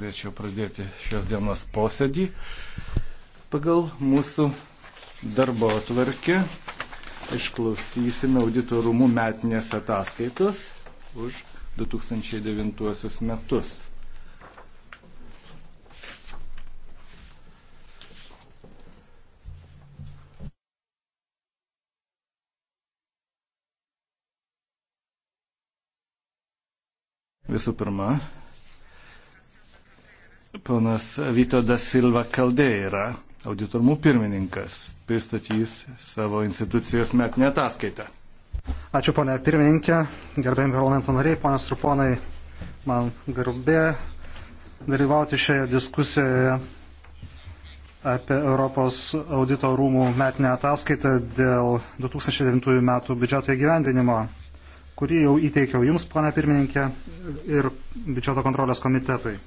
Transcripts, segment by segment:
Norėčiau pradėti šios dienos posėdį. Pagal mūsų darbo atvarkę išklausysime audito rūmų metinės ataskaitos už 2009 metus. Visų pirma, Ponas Vytodas Silva Kaldeira, auditormų pirmininkas, pristatys savo institucijos metinę ataskaitą. Ačiū, ponė pirmininkė, gerbėjim parlamento nariai, ponas ir ponai, man garbė dalyvauti šioje diskusijoje apie Europos audito rūmų metinę ataskaitą dėl 2009 metų biudžeto įgyvendinimo, kurį jau įteikiau Jums, pana pirmininkė, ir biudžeto kontrolės komitetui.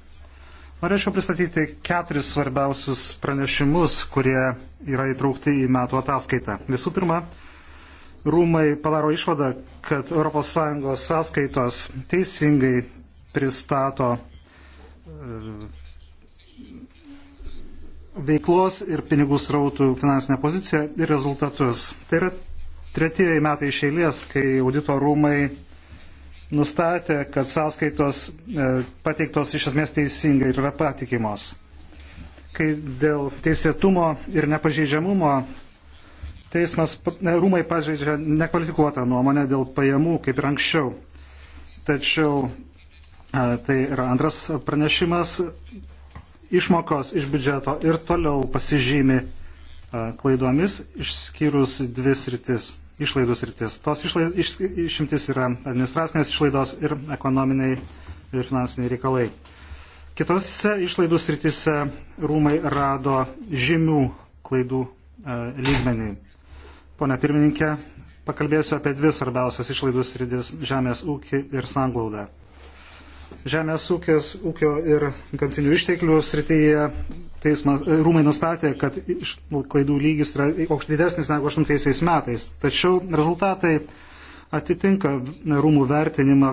Norėčiau pristatyti keturis svarbiausius pranešimus, kurie yra įtraukti į metų ataskaitą. Visų pirma, rūmai padaro išvadą, kad ES sąskaitos teisingai pristato e, veiklos ir pinigų srautų finansinę poziciją ir rezultatus. Tai yra tretieji metai iš eilės, kai audito rūmai nustatė, kad sąskaitos e, pateiktos iš esmės teisingai ir yra patikimos. Kai dėl teisėtumo ir nepažeidžiamumo teismas e, rūmai pažeidžia nekvalifikuotą nuomonę dėl pajamų, kaip ir anksčiau. Tačiau e, tai yra antras pranešimas. Išmokos iš biudžeto ir toliau pasižymi klaidomis, išskyrus dvi sritis išlaidų sritis. Tos išlai, iš, išimtis yra administracinės išlaidos ir ekonominiai ir finansiniai reikalai. Kitose išlaidų sritise rūmai rado žymių klaidų e, lygmenį. Pone pirmininkė, pakalbėsiu apie dvi svarbiausias išlaidų sritis - žemės ūkį ir sanglaudą. Žemės ūkės, ūkio ir gamtinių išteklių srityje teisma, e, rūmai nustatė, kad klaidų lygis yra aukš didesnis negu 8 metais. Tačiau rezultatai atitinka rūmų vertinimą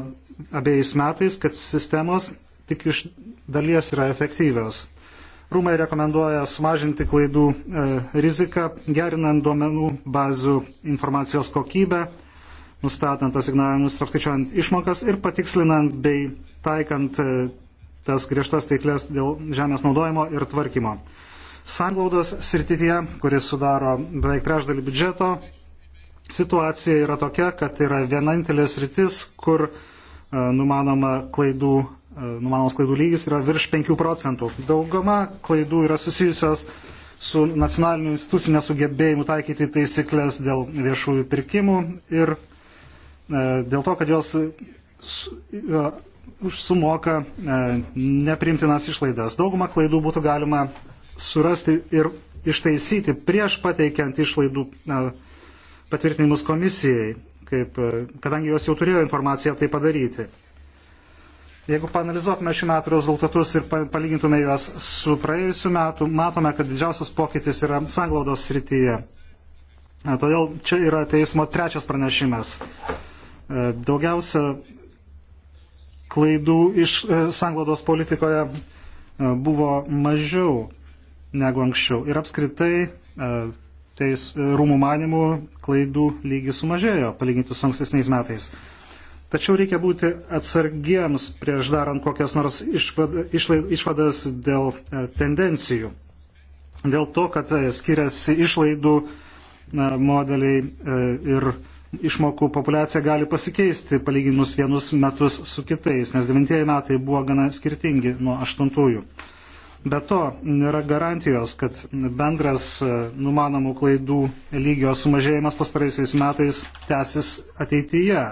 abiejais metais, kad sistemos tik iš dalies yra efektyvios. Rūmai rekomenduoja sumažinti klaidų e, riziką, gerinant duomenų bazių informacijos kokybę nustatant asignavimus ir apskaičiuojant išmokas ir patikslinant bei taikant e, tas griežtas taiklės dėl žemės naudojimo ir tvarkymo. Sanglaudos srityje, kuris sudaro beveik trešdalį biudžeto, situacija yra tokia, kad yra vienintelės sritis, kur e, numanoma klaidų, e, numanomas klaidų lygis yra virš 5 procentų. Daugama klaidų yra susijusios su nacionaliniu instituciniu nesugebėjimu taikyti taisyklės dėl viešųjų pirkimų ir E, dėl to, kad jos e, sumoka e, neprimtinas išlaidas. Daugumą klaidų būtų galima surasti ir ištaisyti prieš pateikiant išlaidų patvirtinimus komisijai, kaip, kadangi jos jau turėjo informaciją tai padaryti. Jeigu panalizuotume šių metų rezultatus ir palygintume juos su praėjusiu metu, matome, kad didžiausias pokytis yra sanglaudos srityje. Todėl čia yra teismo trečias pranešimas. E, daugiausia klaidų iš e, sanglaudos politikoje e, buvo mažiau negu anksčiau. Ir apskritai teis rūmų manimų klaidų lygis sumažėjo palyginti su ankstesniais metais. Tačiau reikia būti atsargiems prieš darant kokias nors išvadas dėl tendencijų. Dėl to, kad skiriasi išlaidų modeliai ir išmokų populiacija gali pasikeisti palyginus vienus metus su kitais, nes 9 metai buvo gana skirtingi nuo 8-ųjų. Be to, nėra garantijos, kad bendras e, numanomų klaidų lygio sumažėjimas pastaraisiais metais tęsis ateityje,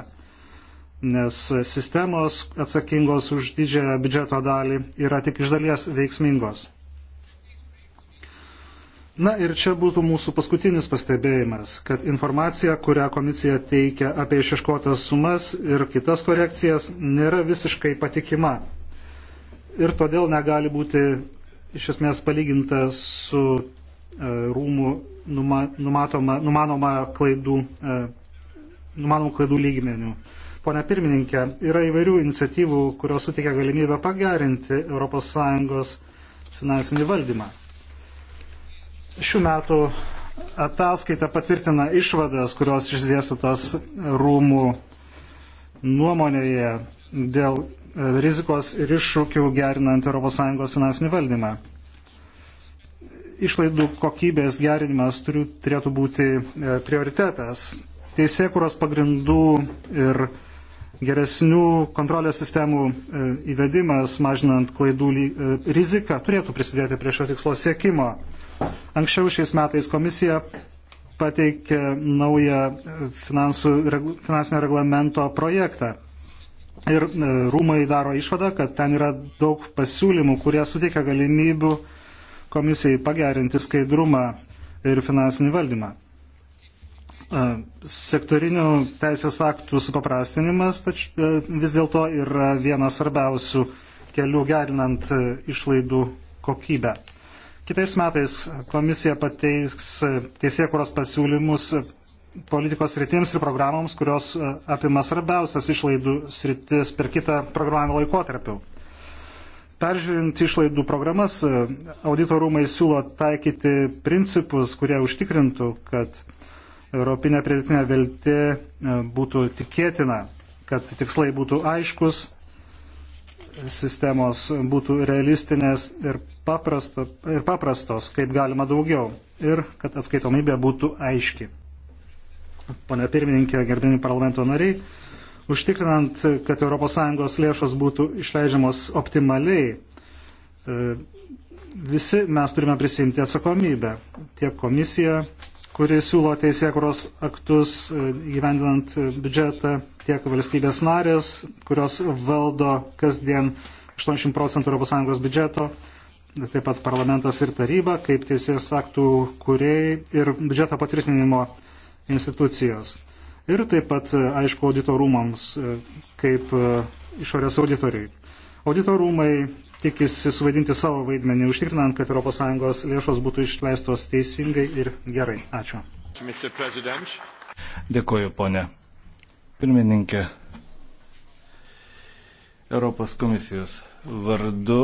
nes sistemos atsakingos už didžiąją biudžeto dalį yra tik iš dalies veiksmingos. Na ir čia būtų mūsų paskutinis pastebėjimas, kad informacija, kurią komisija teikia apie išiškotas sumas ir kitas korekcijas, nėra visiškai patikima. Ir todėl negali būti iš esmės palyginta su e, rūmų numa, numatoma, numanoma klaidų, e, numanomų klaidų lygmenių. Pone pirmininkė, yra įvairių iniciatyvų, kurios suteikia galimybę pagerinti ES finansinį valdymą. Šių metų ataskaita patvirtina išvadas, kurios išdėstytos rūmų nuomonėje dėl rizikos ir iššūkių gerinant ES finansinį valdymą. Išlaidų kokybės gerinimas turiu, turėtų būti e, prioritetas. Teisėkuros pagrindų ir geresnių kontrolės sistemų e, įvedimas, mažinant klaidų e, riziką, turėtų prisidėti prie šio tikslo siekimo. Anksčiau šiais metais komisija pateikė naują finansų, finansinio reglamento projektą. Ir e, rūmai daro išvadą, kad ten yra daug pasiūlymų, kurie suteikia galimybių komisijai pagerinti skaidrumą ir finansinį valdymą. E, sektorinių teisės aktų supaprastinimas tač, e, vis dėlto yra vienas svarbiausių kelių gerinant išlaidų kokybę. Kitais metais komisija pateiks teisėkuros pasiūlymus politikos sritims ir programoms, kurios e, apima svarbiausias išlaidų sritis per kitą programavimo laikotarpį. Peržiūrint išlaidų programas, e, auditorumai siūlo taikyti principus, kurie užtikrintų, kad europinė pridėtinė vilti e, būtų tikėtina, kad tikslai būtų aiškus, sistemos būtų realistinės ir paprasta, ir paprastos, kaip galima daugiau, ir kad atskaitomybė būtų aiški. Pone pirmininkė, gerbimi parlamento nariai, užtikrinant, kad ES lėšos būtų išleidžiamos optimaliai, e, visi mes turime prisimti atsakomybę. Tiek komisija, kuri siūlo teisėkuros aktus e, gyvendinant biudžetą, tiek valstybės narės, kurios valdo kasdien 80 procentų ES biudžeto, taip pat parlamentas ir taryba, kaip teisės aktų kuriejai ir biudžeto patvirtinimo institucijos. Ir taip pat, aišku, auditorumams, kaip e, išorės auditoriai. Auditorumai tikisi suvaidinti savo vaidmenį, užtikrinant, kad ES lėšos būtų išleistos teisingai ir gerai. Ačiū. Dėkuoju, ponė. Pirmininkė, Europos komisijos vardu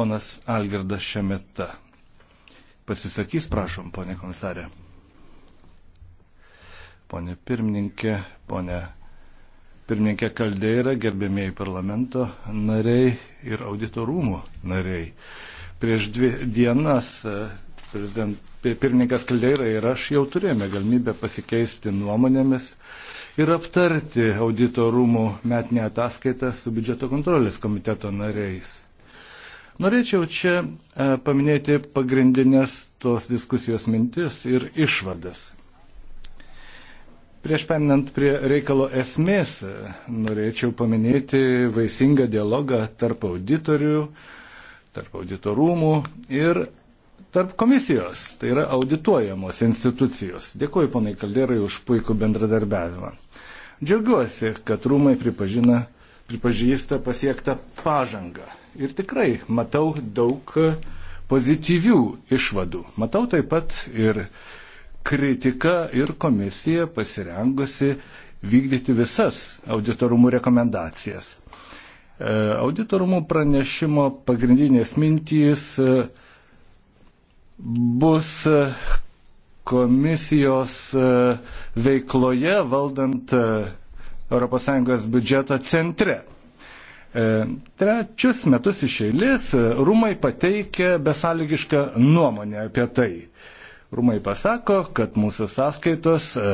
Ponas Algirdas Šemeta. Pasisakys, prašom, ponė komisarė. Pone pirmininkė, ponė pirmininkė Kaldeira, gerbėmėjai parlamento nariai ir auditorumų nariai. Prieš dvi dienas e, prezident, pirmininkas Kaldeira ir aš jau turėjome galimybę pasikeisti nuomonėmis ir aptarti auditorumų metinę ataskaitą su biudžeto kontrolės komiteto nariais. Norėčiau čia e, paminėti pagrindinės tos diskusijos mintis ir išvadas. Prieš perinant prie reikalo esmės, e, norėčiau paminėti vaisingą dialogą tarp auditorių, tarp auditorumų ir tarp komisijos, tai yra audituojamos institucijos. Dėkuoju ponai Kalderai už puikų bendradarbiavimą. Džiaugiuosi, kad rūmai pripažina, pripažįsta pasiektą pažangą ir tikrai matau daug pozityvių išvadų. Matau taip pat ir kritiką ir komisija pasirengusi vykdyti visas auditorumų rekomendacijas. E, auditorumų pranešimo pagrindinės mintys e, bus e, komisijos veikloje valdant ES biudžetą centre. E, trečius metus iš eilės e, rūmai pateikia besąlygišką nuomonę apie tai. Rūmai pasako, kad mūsų sąskaitos e,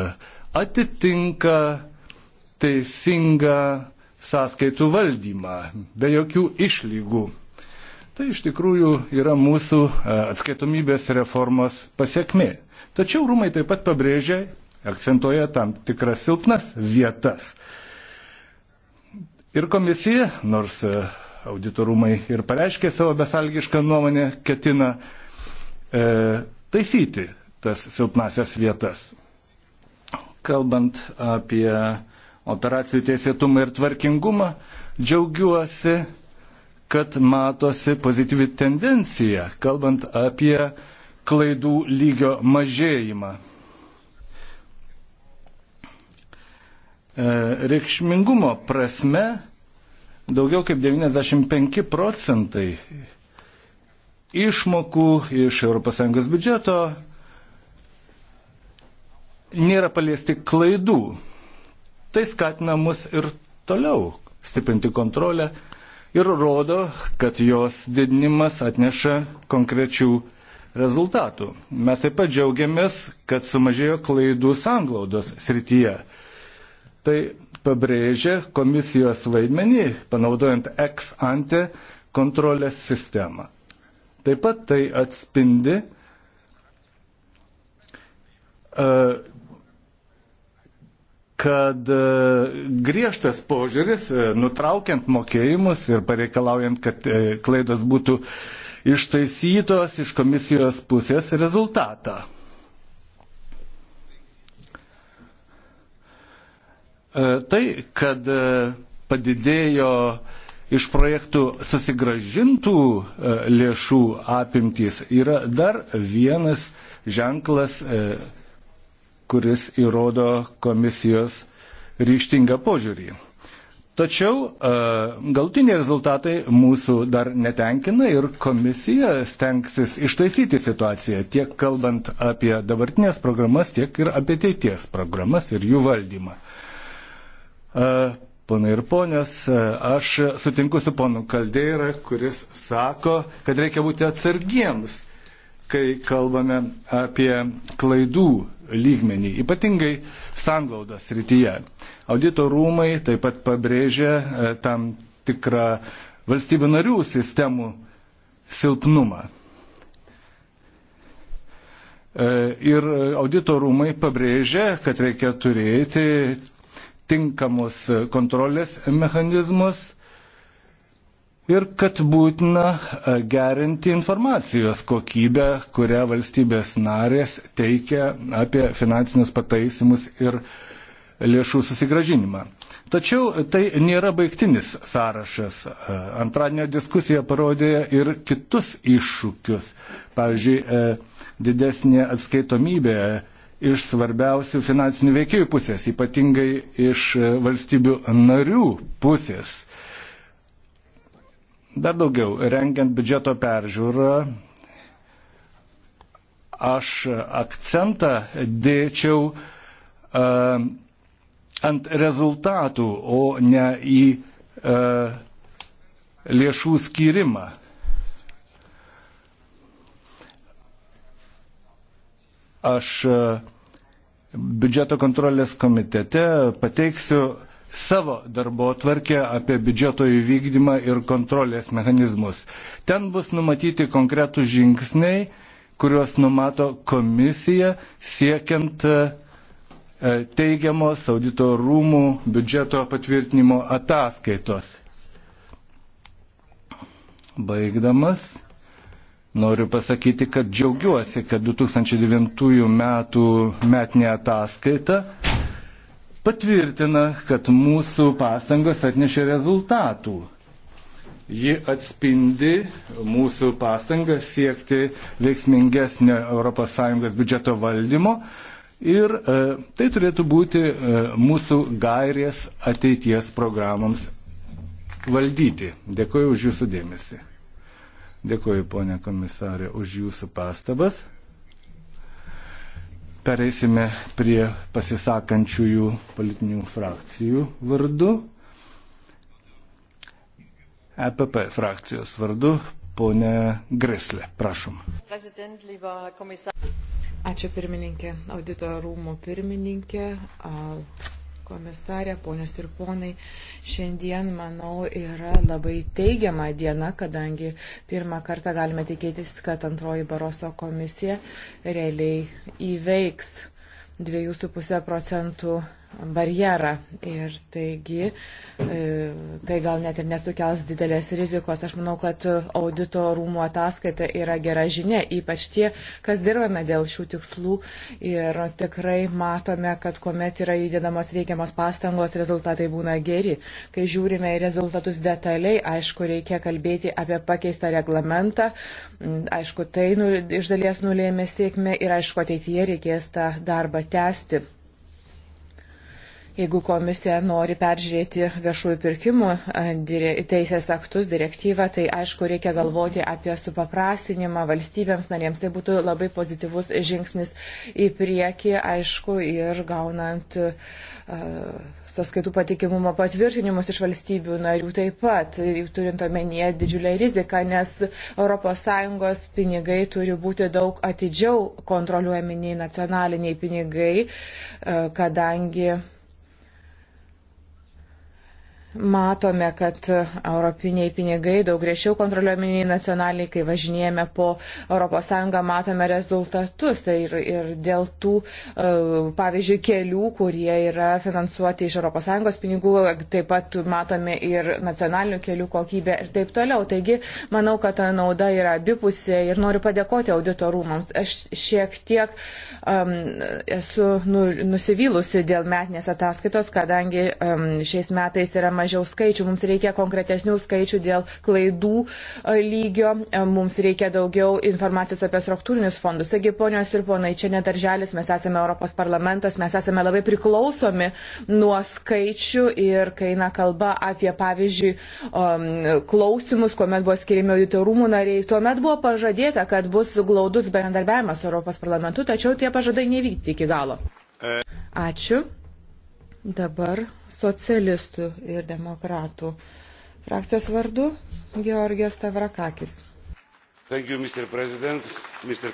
atitinka teisingą sąskaitų valdymą be jokių išlygų. Tai iš tikrųjų yra mūsų atskaitomybės reformos pasiekmė. Tačiau rūmai taip pat pabrėžia, akcentuoja tam tikras silpnas vietas. Ir komisija, nors e, auditorumai ir pareiškė savo besalgišką nuomonę, ketina e, taisyti tas silpnasias vietas. Kalbant apie operacijų teisėtumą ir tvarkingumą, džiaugiuosi, kad matosi pozityvi tendencija, kalbant apie klaidų lygio mažėjimą. E, reikšmingumo prasme daugiau kaip 95 procentai išmokų iš ES biudžeto nėra paliesti klaidų. Tai skatina mus ir toliau stiprinti kontrolę ir rodo, kad jos didinimas atneša konkrečių rezultatų. Mes taip pat džiaugiamės, kad sumažėjo klaidų sanglaudos srityje. Tai pabrėžia komisijos vaidmenį, panaudojant ex ante kontrolės sistemą. Taip pat tai atspindi e, kad e, griežtas požiūris, e, nutraukiant mokėjimus ir pareikalaujant, kad klaidos būtų ištaisytos iš komisijos pusės rezultatą E, tai, kad e, padidėjo iš projektų susigražintų e, lėšų apimtys, yra dar vienas ženklas, kuris įrodo komisijos ryštingą požiūrį. Tačiau galtiniai rezultatai mūsų dar netenkina ir komisija stengsis ištaisyti situaciją tiek kalbant apie dabartinės programas, tiek ir apie ateities programas ir jų valdymą. E, Pana ir ponės, e, aš sutinku su ponu Kaldeira, kuris sako, kad reikia būti atsargiems, kai kalbame apie klaidų lygmenį, ypatingai sanglaudos rytyje. Audito rūmai taip pat pabrėžia e, tam tikrą valstybių narių sistemų silpnumą. Ir audito rūmai pabrėžia, kad reikia turėti tinkamus kontrolės mechanizmus ir kad būtina e, gerinti informacijos kokybę, kurią valstybės narės teikia apie finansinius pataisimus ir lėšų susigražinimą. Tačiau tai nėra baigtinis sąrašas. E, antradienio diskusija parodė ir kitus iššūkius. Pavyzdžiui, e, didesnė atskaitomybė iš svarbiausių finansinių veikėjų pusės, ypatingai iš e, valstybių narių pusės. Dar daugiau, rengiant biudžeto peržiūrą, aš akcentą dėčiau uh, ant rezultatų, o ne į uh, lėšų skirimą. Aš e, biudžeto kontrolės komitete pateiksiu savo darbo tvarkę apie biudžeto įvykdymą ir kontrolės mechanizmus. Ten bus numatyti konkretų žingsniai, kuriuos numato komisija siekiant e, e, teigiamos audito rūmų biudžeto patvirtinimo ataskaitos. Baigdamas Noriu pasakyti, kad džiaugiuosi, kad 2009 metų metinė ataskaita patvirtina, kad mūsų pastangos atnešė rezultatų. Ji atspindi mūsų pastangas siekti veiksmingesnio ES biudžeto valdymo ir e, tai turėtų būti e, mūsų gairės ateities programoms valdyti. Dėkuoju už Jūsų dėmesį. Dėkuoju, ponė komisarė, už jūsų pastabas. Pereisime prie pasisakančiųjų politinių frakcijų vardu. EPP frakcijos vardu ponė Greslė. Prašom. Ačiū pirmininkė, audito rūmų pirmininkė, komisarė, ponios ir ponai, šiandien, manau, yra labai teigiama diena, kadangi pirmą kartą galime tikėtis, kad antroji Baroso komisija realiai įveiks 2,5 procentų barjerą. Ir taigi, e, tai gal net ir nesukels didelės rizikos. Aš manau, kad audito rūmų ataskaita yra gera žinia, ypač tie, kas dirbame dėl šių tikslų. Ir tikrai matome, kad kuomet yra įdedamos reikiamos pastangos, rezultatai būna geri. Kai žiūrime į rezultatus detaliai, aišku, reikia kalbėti apie pakeistą reglamentą. Mm, aišku, tai nu, iš dalies nulėmė sėkmę ir aišku, ateityje reikės tą darbą tęsti. Jeigu komisija nori peržiūrėti viešųjų pirkimų teisės aktus, direktyvą, tai aišku, reikia galvoti apie supaprastinimą valstybėms narėms. Tai būtų labai pozityvus žingsnis į priekį, aišku, ir gaunant uh, sąskaitų patikimumo patvirtinimus iš valstybių narių taip pat, turint omenyje didžiulę riziką, nes ES pinigai turi būti daug atidžiau kontroliuojami nei nacionaliniai pinigai, kadangi matome, kad europiniai pinigai daug griežčiau kontroliuojami nei nacionaliniai, kai važinėjame po ES, matome rezultatus. Tai ir, ir dėl tų, e, pavyzdžiui, kelių, kurie yra finansuoti iš ES pinigų, taip pat matome ir nacionalinių kelių kokybę ir taip toliau. Taigi, manau, kad ta nauda yra abipusė ir noriu padėkoti auditorumams. Aš šiek tiek um, esu nu, nusivylusi dėl metinės ataskaitos, kadangi um, šiais metais yra mažiau mažiau skaičių, mums reikia konkretesnių skaičių dėl klaidų e, lygio, e, mums reikia daugiau informacijos apie struktūrinius fondus. Taigi, ponios ir ponai, čia nedarželis, mes esame Europos parlamentas, mes esame labai priklausomi nuo skaičių ir kai eina kalba apie, pavyzdžiui, um, klausimus, kuomet buvo skiriami auditorumų nariai, tuomet buvo pažadėta, kad bus glaudus bendradarbiavimas su Europos parlamentu, tačiau tie pažadai nevykti iki galo. E. Ačiū. Dabar socialistų ir demokratų frakcijos vardu Georgijos Tavrakakis. You, Mr. President, Mr.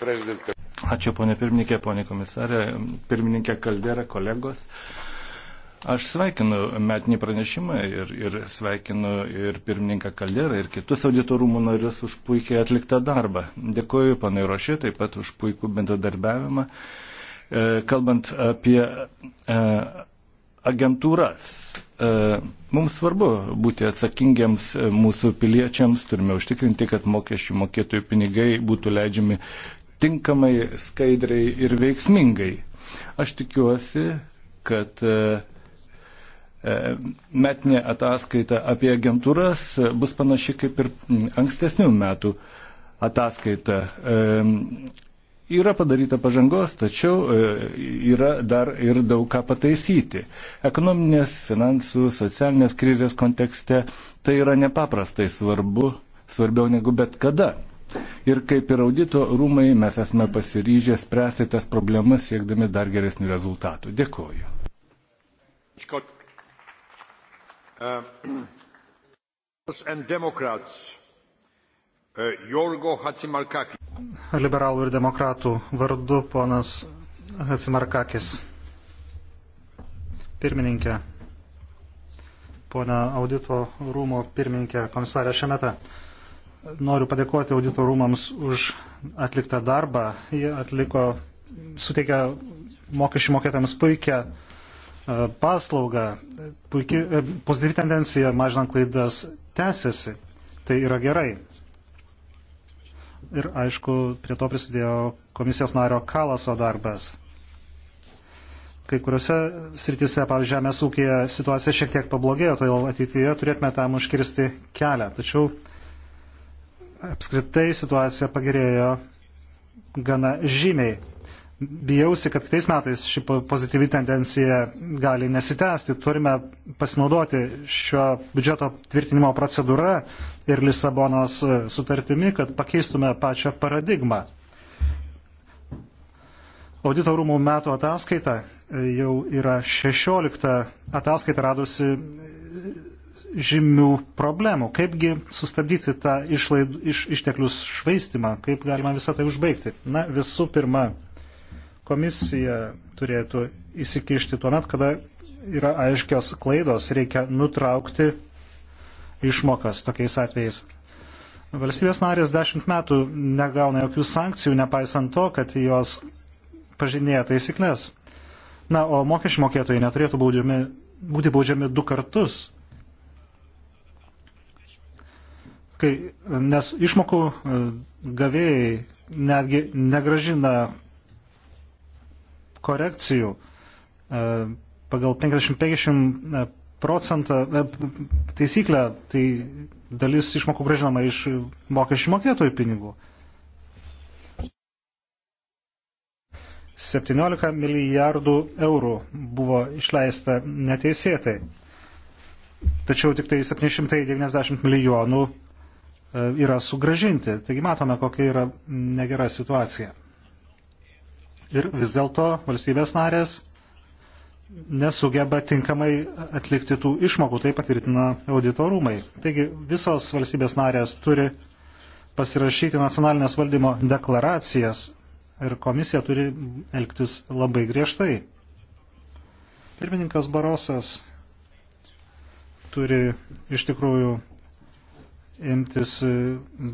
President... Ačiū, ponė pirmininkė, ponė komisarė, pirmininkė Kaldera, kolegos. Aš sveikinu metinį pranešimą ir, ir sveikinu ir pirmininką Kalderą ir kitus auditorumų narius už puikiai atliktą darbą. Dėkuoju panai Rošė taip pat už puikų bendradarbiavimą. E, kalbant apie e, agentūras. E, mums svarbu būti atsakingiams e, mūsų piliečiams, turime užtikrinti, kad mokesčių mokėtojų pinigai būtų leidžiami tinkamai, skaidriai ir veiksmingai. Aš tikiuosi, kad e, metinė ataskaita apie agentūras bus panaši kaip ir ankstesnių metų ataskaita. Yra padaryta pažangos, tačiau e, yra dar ir daug ką pataisyti. Ekonominės, finansų, socialinės krizės kontekste tai yra nepaprastai svarbu, svarbiau negu bet kada. Ir kaip ir audito rūmai mes esame pasiryžę spręsti tas problemas, siekdami dar geresnių rezultatų. Dėkoju. Uh, Demokrats Jorgo uh, Hatsimarkakis liberalų ir demokratų vardu ponas Hatsimarkakis. Pirmininkė, ponia audito rūmo pirmininkė, komisarė Šemeta. Noriu padėkoti audito rūmams už atliktą darbą. Jie atliko, suteikia mokesčių mokėtams puikią e, paslaugą, puikia, e, pozityvi tendencija mažinant klaidas tęsiasi. Tai yra gerai ir aišku, prie to prisidėjo komisijos nario Kalaso darbas. Kai kuriuose sritise, pavyzdžiui, žemės ūkėje situacija šiek tiek pablogėjo, todėl ateityje turėtume tam užkirsti kelią. Tačiau apskritai situacija pagerėjo gana žymiai bijausi, kad kitais metais ši pozityvi tendencija gali nesitęsti. Turime pasinaudoti šio biudžeto tvirtinimo procedūrą ir Lisabonos e, sutartimi, kad pakeistume pačią paradigmą. Audito rūmų metų ataskaita e, jau yra 16 ataskaita radusi e, žymių problemų. Kaipgi sustabdyti tą išlaidų, iš, išteklius švaistimą, kaip galima visą tai užbaigti? Na, visų pirma, Komisija turėtų įsikišti tuo met, kada yra aiškios klaidos, reikia nutraukti išmokas tokiais atvejais. Valstybės narės dešimt metų negauna jokių sankcijų, nepaisant to, kad jos pažinėja taisyklės. Na, o mokesčių mokėtojai neturėtų baudžiami, būti baudžiami du kartus. Kai, nes išmokų e, gavėjai netgi negražina korekcijų e, pagal 50-50 e, procentą e, taisyklę, tai dalis išmokų gražinama iš mokesčių mokėtojų pinigų. 17 milijardų eurų buvo išleista neteisėtai. Tačiau tik tai 790 milijonų yra sugražinti. Taigi matome, kokia yra negera situacija ir vis dėlto valstybės narės nesugeba tinkamai atlikti tų išmokų, tai patvirtina auditorumai. Taigi visos valstybės narės turi pasirašyti nacionalinės valdymo deklaracijas ir komisija turi elgtis labai griežtai. Pirmininkas Barosas turi iš tikrųjų imtis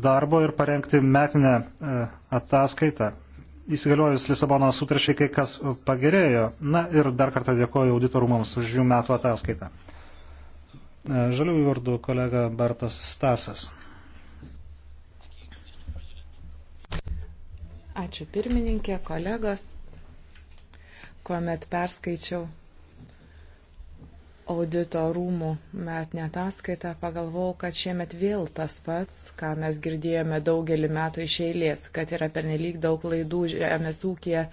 darbo ir parengti metinę e, ataskaitą įsigaliojus Lisabono sutarčiai kai kas pagerėjo. Na ir dar kartą dėkoju auditorumams už jų metų ataskaitą. E, žaliųjų vardu kolega Bartas Stasas. Ačiū pirmininkė, kolegos. Kuomet perskaičiau audito rūmų metinę ataskaitą, pagalvojau, kad šiemet vėl tas pats, ką mes girdėjome daugelį metų iš eilės, kad yra pernelyg daug klaidų žemės ūkija,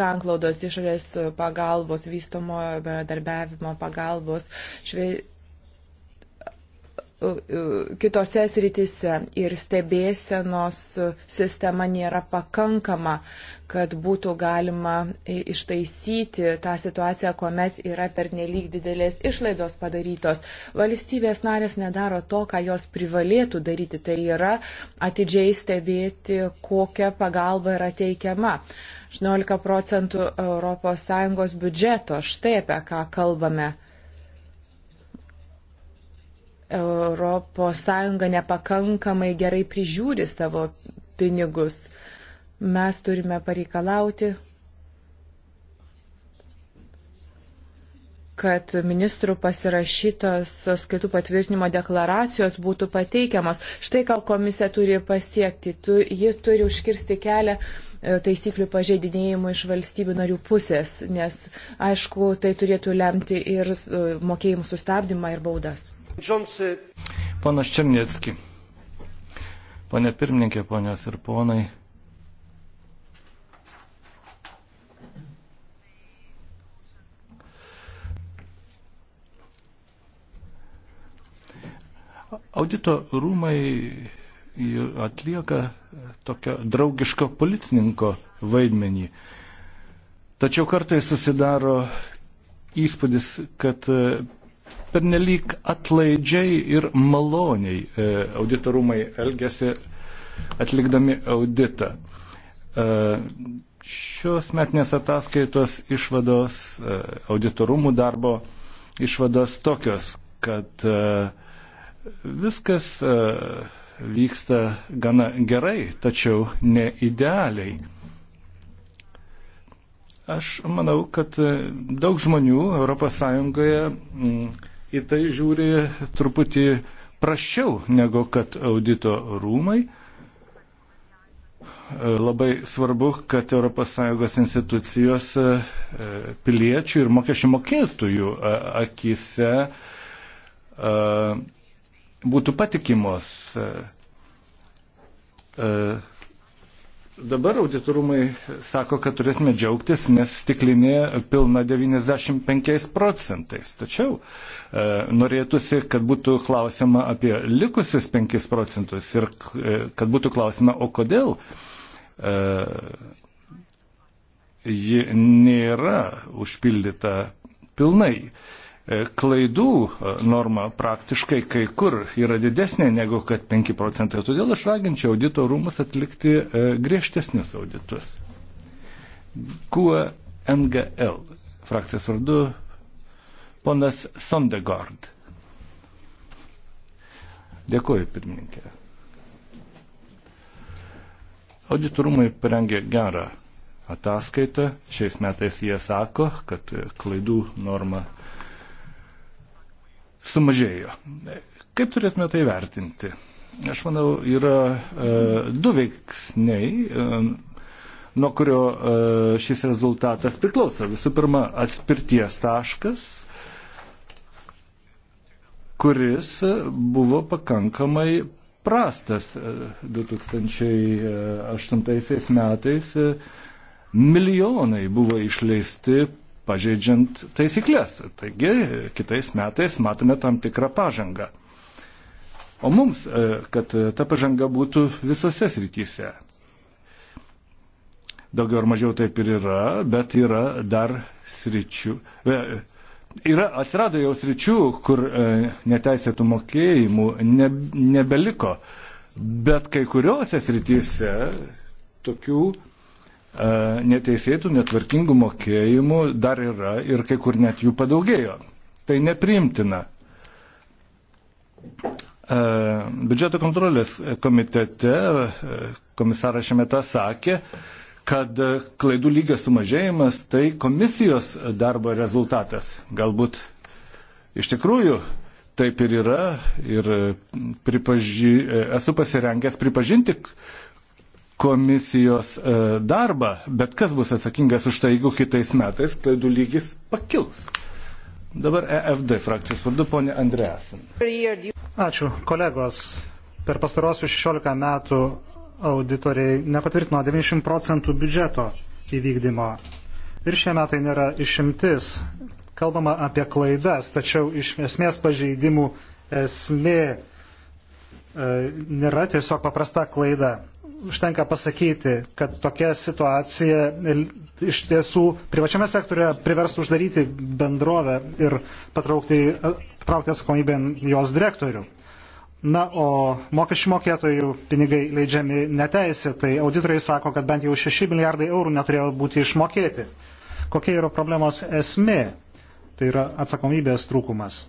sanklaudos išorės pagalbos, vystomo darbiavimo pagalbos, švei kitose sritise ir stebėsenos sistema nėra pakankama, kad būtų galima ištaisyti tą situaciją, kuomet yra pernelyg didelės išlaidos padarytos. Valstybės narės nedaro to, ką jos privalėtų daryti, tai yra atidžiai stebėti, kokia pagalba yra teikiama. 18 procentų ES biudžeto, štai apie ką kalbame ES nepakankamai gerai prižiūri savo pinigus. Mes turime pareikalauti, kad ministrų pasirašytos skaitų patvirtinimo deklaracijos būtų pateikiamos. Štai ką komisija turi pasiekti. Tu, ji turi užkirsti kelią e, taisyklių pažeidinėjimų iš valstybių narių pusės, nes aišku, tai turėtų lemti ir e, mokėjimų sustabdymą ir baudas. Ponas Černiecki. Pone pirmininkė, ponios ir ponai. Audito rūmai atlieka tokio draugiško policininko vaidmenį. Tačiau kartais susidaro įspūdis, kad pernelyg atlaidžiai ir maloniai e, auditorumai elgesi atlikdami auditą. E, šios metinės ataskaitos išvados, e, auditorumų darbo išvados tokios, kad viskas vyksta gana gerai, tačiau ne idealiai. Aš manau, kad e, daug žmonių ES mm, į tai žiūri truputį prašiau negu kad audito rūmai. E, labai svarbu, kad ES institucijos e, piliečių ir mokesčių mokėtųjų akise būtų patikimos Dabar auditorumai sako, kad turėtume džiaugtis, nes stiklinė pilna 95 procentais. Tačiau e, norėtųsi, kad būtų klausima apie likusius 5 procentus ir e, kad būtų klausima, o kodėl e, ji nėra užpildyta pilnai. E, E, klaidų e, norma praktiškai kai kur yra didesnė negu kad 5 procentai. Todėl aš raginčiau audito rūmus atlikti e, griežtesnius auditus. Kuo NGL frakcijos vardu ponas Sondegard. Dėkuoju, pirmininkė. Auditorumai parengė gerą ataskaitą. Šiais metais jie sako, kad klaidų norma sumažėjo. Kaip turėtume tai vertinti? Aš manau, yra e, du veiksniai, e, nuo kurio e, šis rezultatas priklauso. Visų pirma, atspirties taškas, kuris buvo pakankamai prastas 2008 e, e, metais. E, milijonai buvo išleisti pažeidžiant taisyklės. Taigi kitais metais matome tam tikrą pažangą. O mums, e, kad ta pažanga būtų visose srityse. Daugiau ar mažiau taip ir yra, bet yra dar sričių. E, yra, atsirado jau sričių, kur e, neteisėtų mokėjimų ne, nebeliko, bet kai kuriuose srityse tokių E, neteisėtų, netvarkingų mokėjimų dar yra ir kai kur net jų padaugėjo. Tai nepriimtina. E, biudžeto kontrolės komitete e, komisaras Šemeta sakė, kad klaidų lygio sumažėjimas tai komisijos darbo rezultatas. Galbūt iš tikrųjų taip ir yra ir pripaži... esu pasirengęs pripažinti, komisijos e, darbą, bet kas bus atsakingas už tai, jeigu kitais metais klaidų lygis pakils. Dabar EFD frakcijos vardu ponė Andreasin. Ačiū, kolegos. Per pastarosius 16 metų auditoriai nepatvirtino 90 procentų biudžeto įvykdymo. Ir šie metai nėra išimtis. Kalbama apie klaidas, tačiau iš esmės pažeidimų esmė e, nėra tiesiog paprasta klaida užtenka pasakyti, kad tokia situacija iš tiesų privačiame sektoriuje priverstų uždaryti bendrovę ir patraukti, patraukti atsakomybę jos direktorių. Na, o mokesčių mokėtojų pinigai leidžiami neteisėtai. Auditoriai sako, kad bent jau 6 milijardai eurų neturėjo būti išmokėti. Kokia yra problemos esmė? Tai yra atsakomybės trūkumas.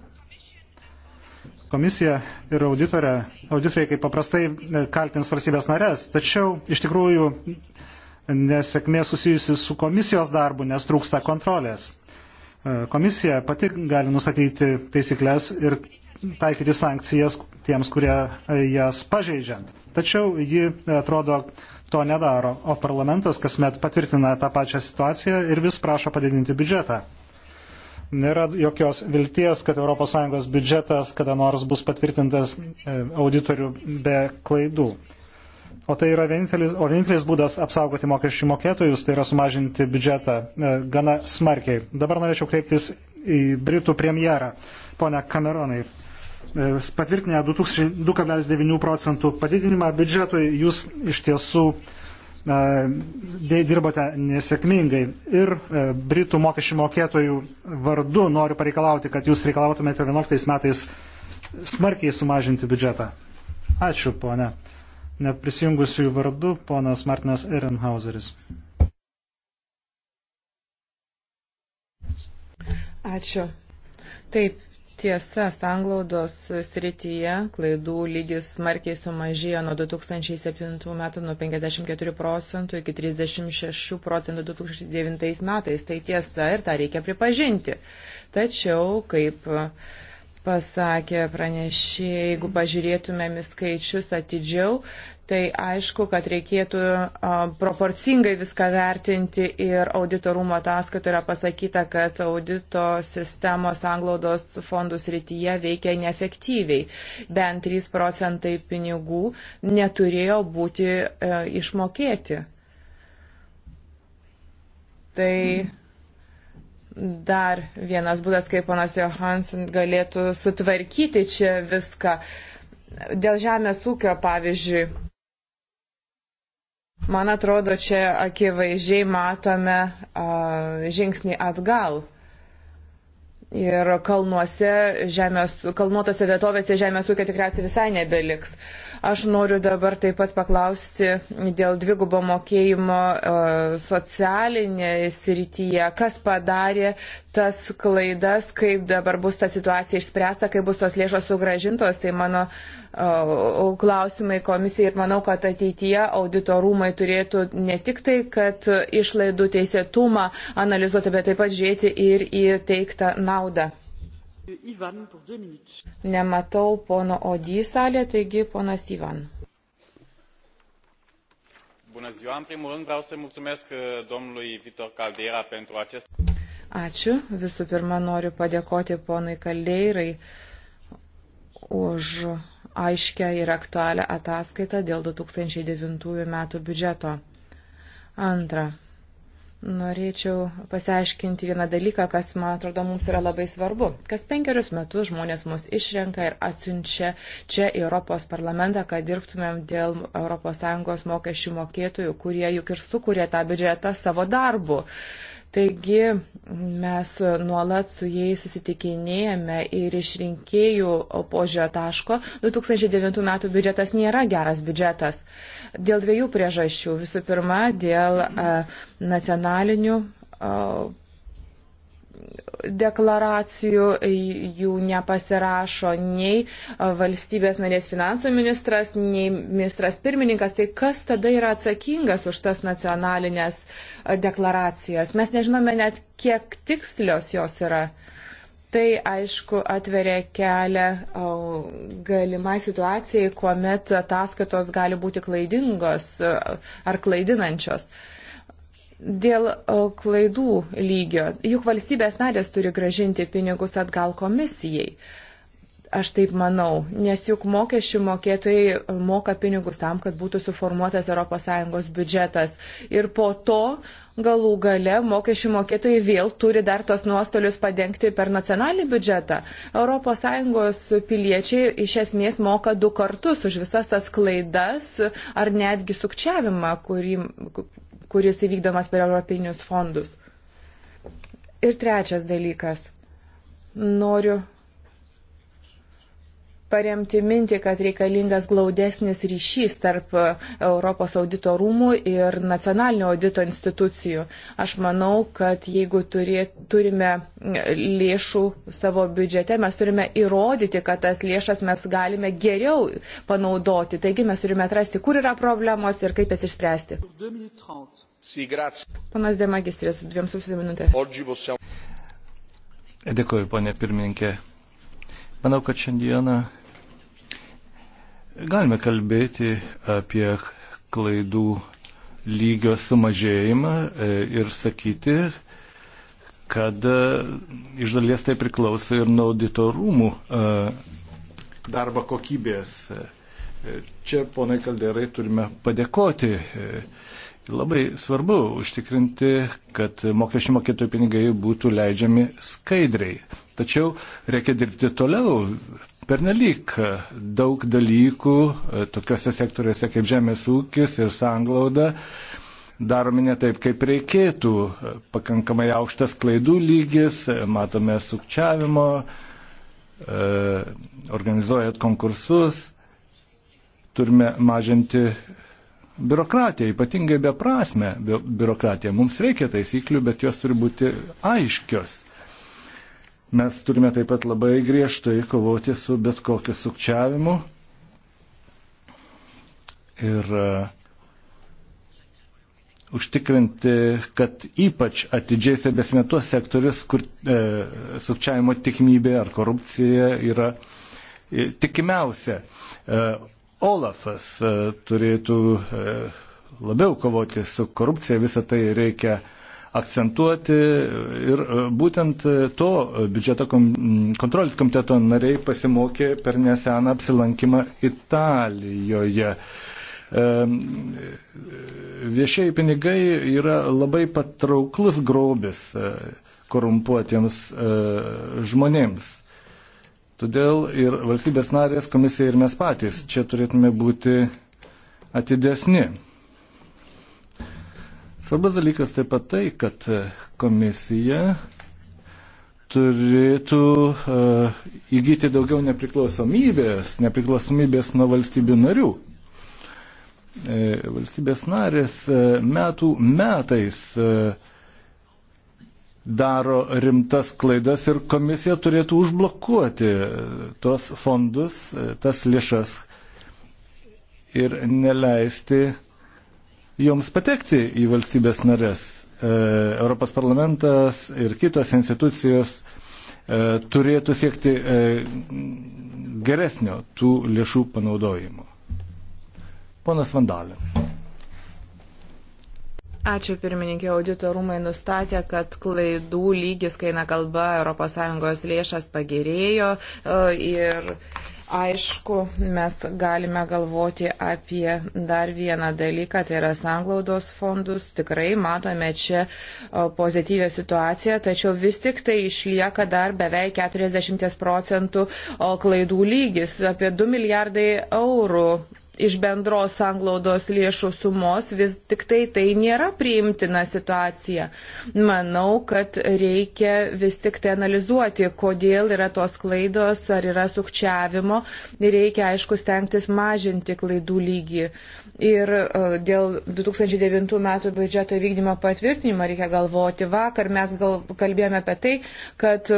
Komisija ir auditorė, auditoriai kaip paprastai e, kaltins valstybės narės, tačiau iš tikrųjų nesėkmė susijusi su komisijos darbu, nes trūksta kontrolės. E, komisija pati gali nustatyti taisyklės ir taikyti sankcijas tiems, kurie e, jas pažeidžiant. Tačiau ji atrodo to nedaro, o parlamentas kasmet patvirtina tą pačią situaciją ir vis prašo padidinti biudžetą nėra jokios vilties, kad ES biudžetas kada nors bus patvirtintas e, auditorių be klaidų. O tai yra vienintelis, o vienintelis būdas apsaugoti mokesčių mokėtojus, tai yra sumažinti biudžetą e, gana smarkiai. Dabar norėčiau kreiptis į Britų premjerą, ponia Cameronai. E, patvirtinę 2,9 procentų padidinimą biudžetui, jūs iš tiesų uh, dirbote nesėkmingai. Ir e, Britų mokesčių mokėtojų vardu noriu pareikalauti, kad jūs reikalautumėte 11 metais smarkiai sumažinti biudžetą. Ačiū, ponė. Neprisijungusiųjų vardu ponas Martinas Ehrenhauseris. Ačiū. Taip, Tiesa, sanglaudos srityje klaidų lygis smarkiai sumažėjo nuo 2007 metų nuo 54 procentų iki 36 procentų 2009 metais. Tai tiesa ir tą reikia pripažinti. Tačiau, kaip pasakė pranešė, jeigu pažiūrėtumėm į skaičius atidžiau, tai aišku, kad reikėtų proporcingai viską vertinti ir auditorumo ataskaitoje yra pasakyta, kad audito sistemos anglaudos fondus rytyje veikia neefektyviai. Bent 3 procentai pinigų neturėjo būti e, išmokėti. Tai dar vienas būdas, kaip panas Johansen galėtų sutvarkyti čia viską. Dėl žemės ūkio, pavyzdžiui, Man atrodo, čia akivaizdžiai matome a, žingsnį atgal. Ir kalnuose, žemės, kalnuotose vietovėse žemės ūkio tikriausiai visai nebeliks. Aš noriu dabar taip pat paklausti dėl dvigubo mokėjimo uh, socialinėje srityje, kas padarė tas klaidas, kaip dabar bus ta situacija išspręsta, kaip bus tos lėšos sugražintos. Tai mano uh, klausimai komisijai ir manau, kad ateityje auditorumai turėtų ne tik tai, kad išlaidų teisėtumą analizuoti, bet taip pat žiūrėti ir į teiktą naudą. Nematau pono Odį salė, taigi ponas Ivan. Bună ziua! În primul rând vreau să-i mulțumesc uh, domnului Vitor Caldera pentru acest... Ačiū. Visų pirma, noriu padėkoti ponui Kaldeirai. Uh, už aiškę ir aktualią ataskaitą dėl 2009 metų biudžeto. Antra, norėčiau pasiaiškinti vieną dalyką, kas, man atrodo, mums yra labai svarbu. Kas penkerius metus žmonės mus išrenka ir atsiunčia čia į Europos parlamentą, kad dirbtumėm dėl ES mokesčių mokėtojų, kurie juk ir sukūrė tą biudžetą savo darbu. Taigi mes nuolat su jais susitikinėjame ir iš rinkėjų požiūrio taško 2009 metų biudžetas nėra geras biudžetas. Dėl dviejų priežasčių. Visų pirma, dėl e, nacionalinių e, deklaracijų, jų nepasirašo nei valstybės narės finansų ministras, nei ministras pirmininkas. Tai kas tada yra atsakingas už tas nacionalinės deklaracijas? Mes nežinome net, kiek tikslios jos yra. Tai aišku atveria kelią galimai situacijai, kuomet ataskaitos gali būti klaidingos ar klaidinančios. Uh, Dėl e, klaidų lygio, juk valstybės narės turi gražinti pinigus atgal komisijai. Aš taip manau, nes juk mokesčių mokėtojai e, moka pinigus tam, kad būtų suformuotas ES biudžetas. Ir po to galų gale mokesčių mokėtojai vėl turi dar tos nuostolius padengti per nacionalinį biudžetą. ES piliečiai iš esmės moka du kartus už visas tas klaidas ar netgi sukčiavimą, kurį, kuris įvykdomas per europinius fondus. Ir trečias dalykas. Noriu paremti mintį, kad reikalingas glaudesnis ryšys tarp e, Europos audito rūmų ir nacionalinio audito institucijų. Aš manau, kad jeigu turė, turime lėšų savo biudžete, mes turime įrodyti, kad tas lėšas mes galime geriau panaudoti. Taigi mes turime atrasti, kur yra problemos ir kaip jas išspręsti. Panas Demagistris, dviem su minutės. Dėkuoju, ponė pirmininkė. Manau, kad šiandieną galime kalbėti apie klaidų lygio sumažėjimą e, ir sakyti, kad e, iš dalies tai priklauso ir nuo auditorumų e, darbo kokybės. Čia, ponai Kalderai, turime padėkoti Labai svarbu užtikrinti, kad mokesčių mokėtojų pinigai būtų leidžiami skaidriai. Tačiau reikia dirbti toliau. Pernelyg daug dalykų e, tokiuose sektoriuose kaip žemės ūkis ir sanglauda daromi ne taip, kaip reikėtų. E, pakankamai aukštas klaidų lygis, e, matome sukčiavimo, organizuojat konkursus, turime mažinti biurokratiją, ypatingai beprasme bi biurokratiją. Mums reikia taisyklių, bet jos turi būti aiškios. Mes turime taip pat labai griežtai kovoti su bet kokiu sukčiavimu. Ir uh, užtikrinti, kad ypač atidžiai stebėsime tuos sektorius, kur e, sukčiavimo tikimybė ar korupcija yra e, tikimiausia. E, Olafas e, turėtų e, labiau kovoti su korupcija, visą tai reikia akcentuoti ir e, būtent to biudžeto kontrolės komiteto nariai pasimokė per neseną apsilankimą Italijoje. Viešiai pinigai yra labai patrauklus grobis korumpuotiems žmonėms. Todėl ir valstybės narės komisija ir mes patys čia turėtume būti atidesni. Svarbus dalykas taip pat tai, kad komisija turėtų uh, įgyti daugiau nepriklausomybės, nepriklausomybės nuo valstybių narių. E, valstybės narės e, metų metais uh, daro rimtas klaidas ir komisija turėtų užblokuoti tuos fondus, tas lėšas ir neleisti joms patekti į valstybės narės. E, Europos parlamentas ir kitos institucijos e, turėtų siekti e, geresnio tų lėšų panaudojimo. Ponas Vandalė. Ačiū pirmininkė, auditorumai nustatė, kad klaidų lygis, kai eina kalba ES lėšas pagerėjo e, ir aišku, mes galime galvoti apie dar vieną dalyką, tai yra sanglaudos fondus. Tikrai matome čia e, pozityvę situaciją, tačiau vis tik tai išlieka dar beveik 40 procentų e, klaidų lygis, apie 2 milijardai eurų iš bendros anglaudos lėšų sumos, vis tik tai tai nėra priimtina situacija. Manau, kad reikia vis tik tai analizuoti, kodėl yra tos klaidos, ar yra sukčiavimo ir reikia, aišku, stengtis mažinti klaidų lygį. Ir e, dėl 2009 metų biudžeto vykdymo patvirtinimo reikia galvoti. Vakar mes gal kalbėjome apie tai, kad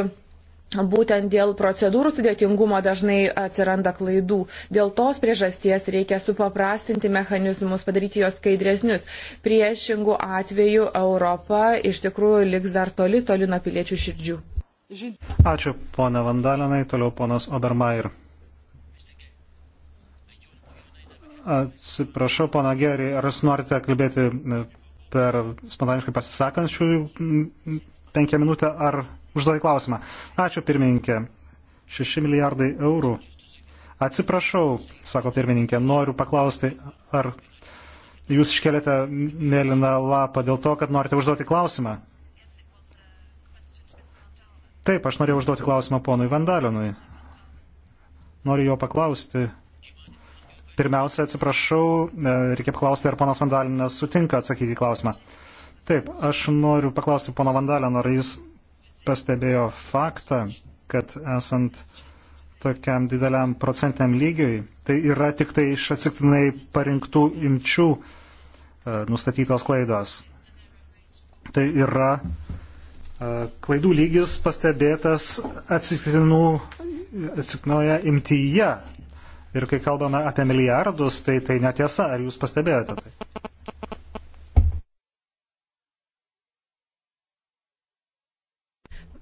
būtent dėl procedūrų sudėtingumo dažnai atsiranda klaidų. Dėl tos priežasties reikia supaprastinti mechanizmus, padaryti juos skaidresnius. Priešingų atveju Europa iš tikrųjų liks dar toli, toli nuo piliečių širdžių. Ačiū, pone Vandalinai, toliau ponas Obermair. Atsiprašau, pana Gerį, ar jūs norite kalbėti per spontaniškai pasisakančių penkią minutę, ar užduoti klausimą. Ačiū pirmininkė. 6 milijardai eurų. Atsiprašau, sako pirmininkė, noriu paklausti, ar jūs iškelėte mėlyną lapą dėl to, kad norite užduoti klausimą? Taip, aš norėjau užduoti klausimą ponui Vandalinui. Noriu jo paklausti. Pirmiausia, atsiprašau, e, reikia paklausti, ar ponas Vandalinas sutinka atsakyti į klausimą. Taip, aš noriu paklausti pono Vandalino, ar jis pastebėjo faktą, kad esant tokiam dideliam procentiniam lygiui, tai yra tik tai iš atsitiktinai parinktų imčių e, nustatytos klaidos. Tai yra e, klaidų lygis pastebėtas atsitiktinuje imtyje. Ir kai kalbame apie milijardus, tai tai netiesa. Ar jūs pastebėjote tai?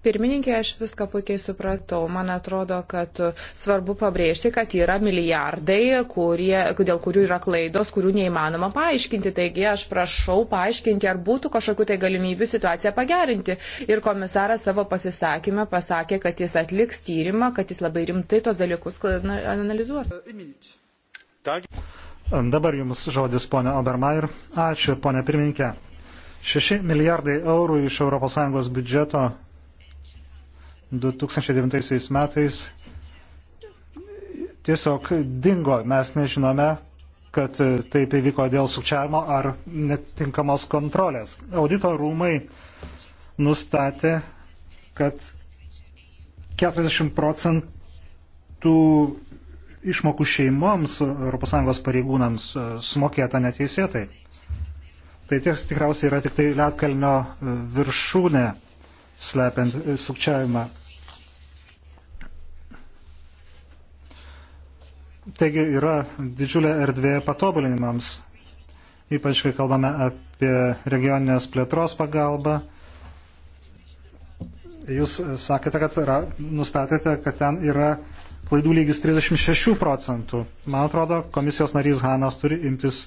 Pirmininkė, aš viską puikiai supratau. Man atrodo, kad svarbu pabrėžti, kad yra milijardai, kurie, dėl kurių yra klaidos, kurių neįmanoma paaiškinti. Taigi aš prašau paaiškinti, ar būtų kažkokiu tai galimybių situaciją pagerinti. Ir komisaras savo pasisakymę pasakė, kad jis atliks tyrimą, kad jis labai rimtai tos dalykus analizuos. Dabar jums žodis, ponia Obermeier. Ačiū, ponia pirmininkė. 6 milijardai eurų iš ES biudžeto 2009 metais tiesiog dingo. Mes nežinome, kad taip įvyko dėl sukčiavimo ar netinkamos kontrolės. Audito rūmai nustatė, kad 40 procentų išmokų šeimoms ES pareigūnams e, sumokėta neteisėtai. Tai tiek tikriausiai yra tik tai Lietkalnio e, viršūnė slepiant e, sukčiavimą. Taigi yra didžiulė erdvė patobulinimams, ypač kai kalbame apie regioninės plėtros pagalbą. Jūs sakėte, kad yra, nustatėte, kad ten yra klaidų lygis 36 procentų. Man atrodo, komisijos narys Hanas turi imtis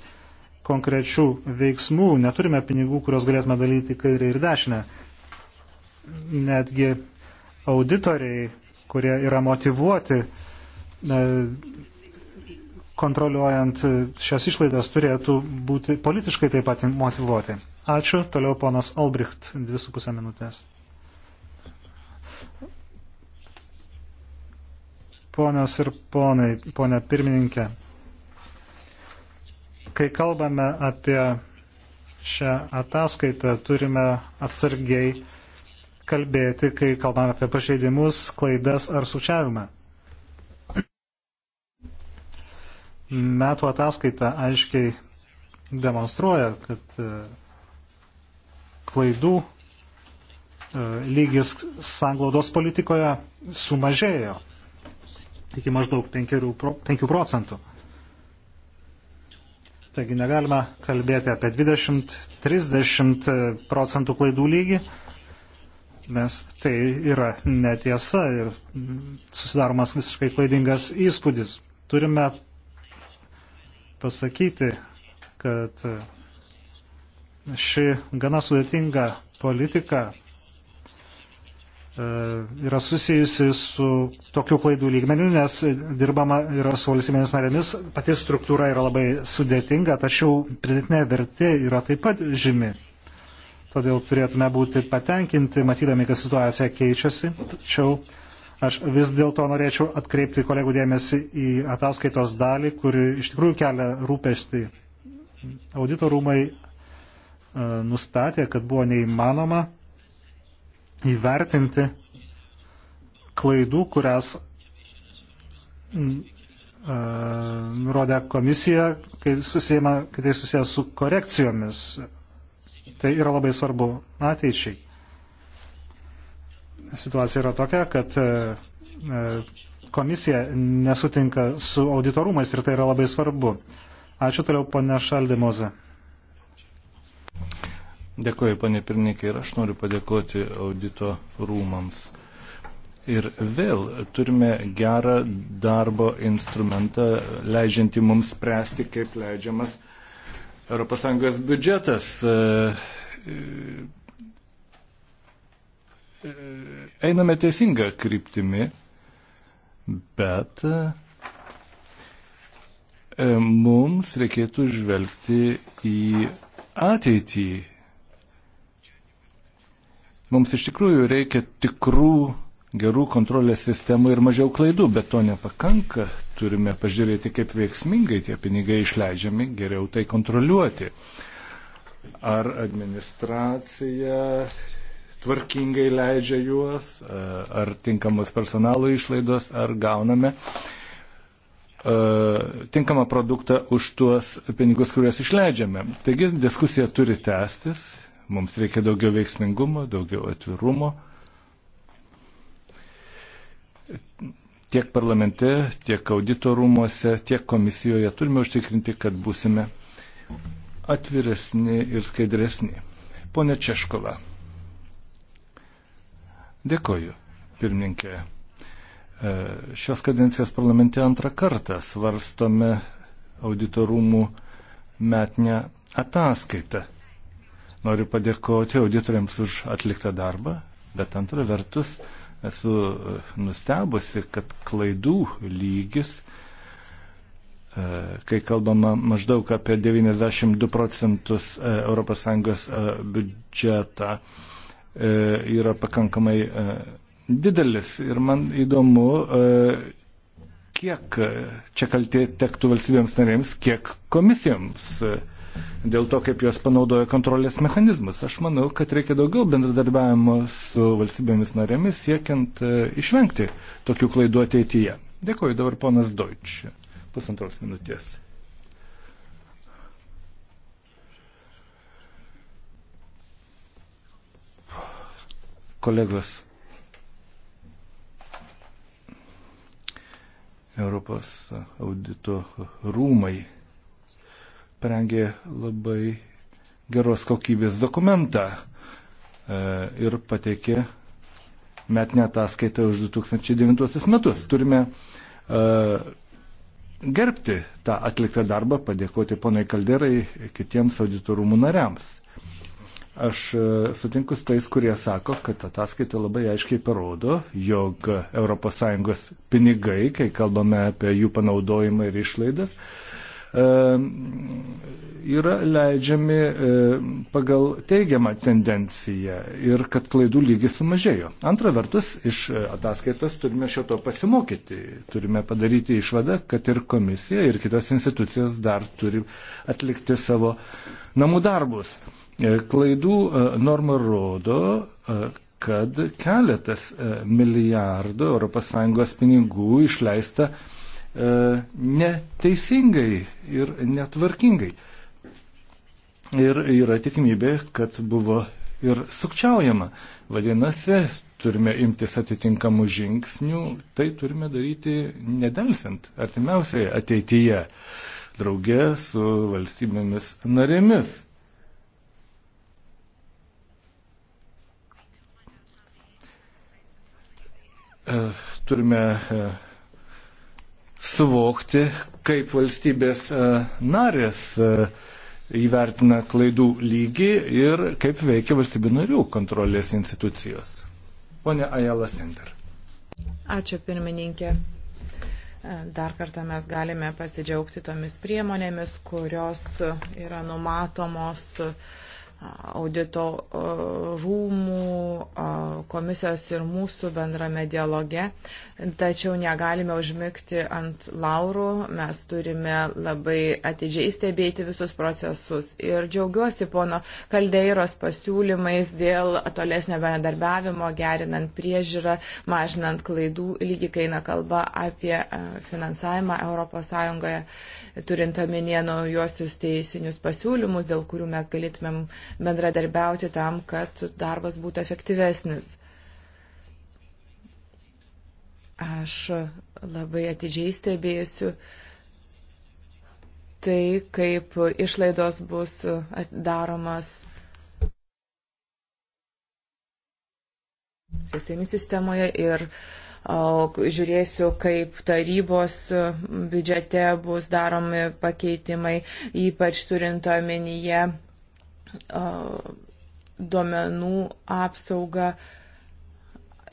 konkrečių veiksmų. Neturime pinigų, kuriuos galėtume dalyti kairį ir dešinę netgi auditoriai, kurie yra motivuoti kontroliuojant šias išlaidas, turėtų būti politiškai taip pat motivuoti. Ačiū. Toliau ponas Olbricht, 2,5 minutės. Ponios ir ponai, ponia pirmininkė, kai kalbame apie šią ataskaitą, turime atsargiai kalbėti, kai kalbame apie pažeidimus, klaidas ar sučiavimą. Metų ataskaita aiškiai demonstruoja, kad e, klaidų e, lygis sanglaudos politikoje sumažėjo iki maždaug 5 procentų. Taigi negalime kalbėti apie 20-30 e, procentų klaidų lygį, nes tai yra netiesa ir susidaromas visiškai klaidingas įspūdis. Turime pasakyti, kad ši gana sudėtinga politika e, yra susijusi su tokiu klaidų lygmeniu, nes dirbama yra su valstybėmis narėmis, pati struktūra yra labai sudėtinga, tačiau pridėtinė vertė yra taip pat žymi. Todėl turėtume būti patenkinti, matydami, kad situacija keičiasi. Tačiau aš vis dėlto norėčiau atkreipti kolegų dėmesį į ataskaitos dalį, kuri iš tikrųjų kelia rūpestį. Audito rūmai e, nustatė, kad buvo neįmanoma įvertinti klaidų, kurias e, nurodė komisija, kai, susijama, kai tai susijęs su korekcijomis Tai yra labai svarbu ateičiai. Situacija yra tokia, kad e, e, komisija nesutinka su auditorumais ir tai yra labai svarbu. Ačiū toliau, ponė Šaldimoze. Dėkuoju, ponė Pirnikė, ir aš noriu padėkoti audito rūmams. Ir vėl turime gerą darbo instrumentą, leidžiantį mums spręsti, kaip leidžiamas ES biudžetas e, e, einame teisingą kryptimį, bet e, mums reikėtų žvelgti į ateitį. Mums iš tikrųjų reikia tikrų gerų kontrolės sistemų ir mažiau klaidų, bet to nepakanka. Turime pažiūrėti, kaip veiksmingai tie pinigai išleidžiami, geriau tai kontroliuoti. Ar administracija tvarkingai leidžia juos, ar tinkamos personalo išlaidos, ar gauname e, tinkamą produktą už tuos pinigus, kuriuos išleidžiame. Taigi diskusija turi tęstis, mums reikia daugiau veiksmingumo, daugiau atvirumo tiek parlamente, tiek auditorumuose, tiek komisijoje turime užtikrinti, kad būsime atviresni ir skaidresni. Pone Češkola. Dėkoju, pirmininkė. E, šios kadencijos parlamente antrą kartą svarstome auditorumų metinę ataskaitą. Noriu padėkoti auditoriams už atliktą darbą, bet antra vertus, esu e, nustebusi, kad klaidų lygis, e, kai kalbama maždaug apie 92 procentus ES e, biudžetą, yra pakankamai didelis. Ir man įdomu, kiek čia kaltė tektų valstybėms narėms, kiek komisijoms dėl to, kaip jos panaudoja kontrolės mechanizmus. Aš manau, kad reikia daugiau bendradarbiavimo su valstybėmis narėmis, siekiant e, išvengti tokių klaidų ateityje. Dėkuoju dabar ponas Deutsch. Pusantros minutės. Kolegos. Europos audito rūmai parengė labai geros kokybės dokumentą e, ir pateikė metinę ataskaitą už 2009 metus. Turime e, gerbti tą atliktą darbą, padėkoti ponai Kalderai kitiems auditorumų nariams. Aš e, sutinku su tais, kurie sako, kad ataskaita labai aiškiai parodo, jog ES pinigai, kai kalbame apie jų panaudojimą ir išlaidas, uh, yra leidžiami pagal teigiamą tendenciją ir kad klaidų lygis sumažėjo. Antra vertus, iš e, ataskaitos turime šio to pasimokyti. Turime padaryti išvadą, kad ir komisija, ir kitos institucijos dar turi atlikti savo namų darbus. E, klaidų e, norma rodo, kad keletas milijardų ES pinigų išleista E, neteisingai ir netvarkingai. Ir yra tikimybė, kad buvo ir sukčiaujama. Vadinasi, turime imtis atitinkamų žingsnių, tai turime daryti nedelsiant artimiausioje ateityje, draugė su valstybėmis narėmis. E, turime e, suvokti, kaip valstybės e, narės e, įvertina klaidų lygį ir kaip veikia valstybių narių kontrolės institucijos. Pone Ajala Center. Ačiū pirmininkė. E, dar kartą mes galime pasidžiaugti tomis priemonėmis, kurios yra numatomos uh, audito e, rūmų e, komisijos ir mūsų bendrame dialoge. Tačiau negalime užmygti ant laurų, mes turime labai atidžiai stebėti visus procesus. Ir džiaugiuosi pono Kaldeiros pasiūlymais dėl tolesnio bendarbiavimo, gerinant priežiūrą, mažinant klaidų, lygiai kai eina kalba apie e, finansavimą ES, turint omenyje naujosius teisinius pasiūlymus, dėl kurių mes galėtumėm uh, bendradarbiauti tam, kad darbas būtų efektyvesnis. Aš labai atidžiai stebėsiu tai, kaip išlaidos bus daromas teisėjimų sistemoje ir o, žiūrėsiu, kaip tarybos biudžete bus daromi pakeitimai, ypač turint omenyje duomenų apsaugą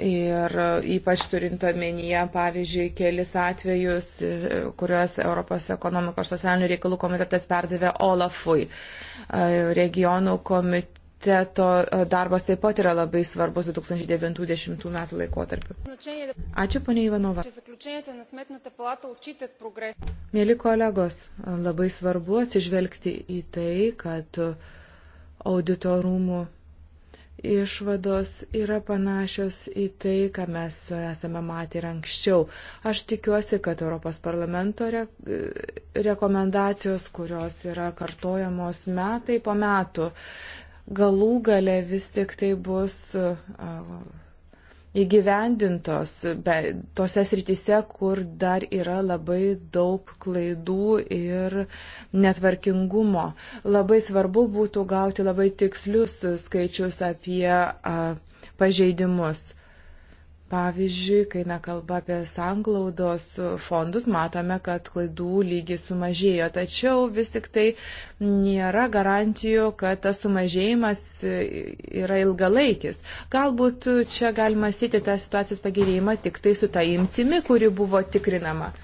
ir ypač turint omenyje, pavyzdžiui, kelis atvejus, e, kuriuos Europos ekonomikos socialinių reikalų komitetas perdavė Olafui. Regionų komiteto e, darbas taip pat yra labai svarbus 2090 metų laikotarpiu. Ačiū, ponia Ivanova. Mėly kolegos, labai svarbu atsižvelgti į tai, kad uh, auditorumų išvados yra panašios į tai, ką mes esame matę ir anksčiau. Aš tikiuosi, kad Europos parlamento re rekomendacijos, kurios yra kartojamos metai po metų, galų gale vis tik tai bus. Uh, įgyvendintos be, tose srityse, kur dar yra labai daug klaidų ir netvarkingumo. Labai svarbu būtų gauti labai tikslius skaičius apie a, pažeidimus. Pavyzdžiui, kai na kalba apie sanglaudos fondus, matome, kad klaidų lygis sumažėjo, tačiau vis tik tai nėra garantijų, kad tas sumažėjimas yra ilgalaikis. Galbūt čia galima sėti tą situacijos pagerėjimą tik tai su ta imtimi, kuri buvo tikrinama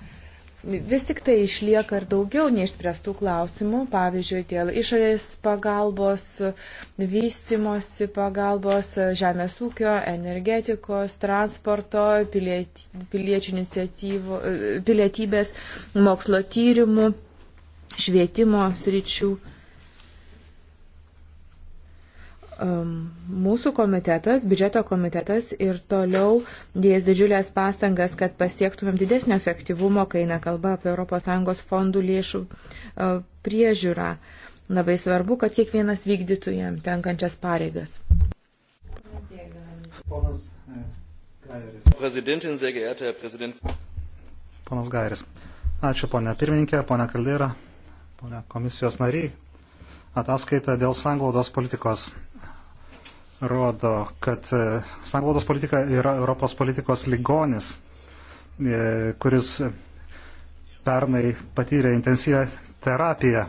vis tik tai išlieka ir daugiau neišspręstų klausimų, pavyzdžiui, dėl išorės pagalbos, vystimosi pagalbos, žemės ūkio, energetikos, transporto, piliečių iniciatyvų, e, pilietybės, mokslo tyrimų, švietimo sričių. mūsų komitetas, biudžeto komitetas ir toliau dės didžiulės pastangas, kad pasiektumėm didesnio efektyvumo, kai eina kalba apie ES fondų lėšų e, priežiūrą. Labai svarbu, kad kiekvienas vykdytų jam tenkančias pareigas. E, Ponas Gairis. Ačiū, ponia pirmininkė, ponia Kaldera, ponia komisijos nariai. Ataskaita dėl sanglaudos politikos rodo, kad e, sanglaudos politika yra Europos politikos ligonis, e, kuris pernai patyrė intensyvę terapiją.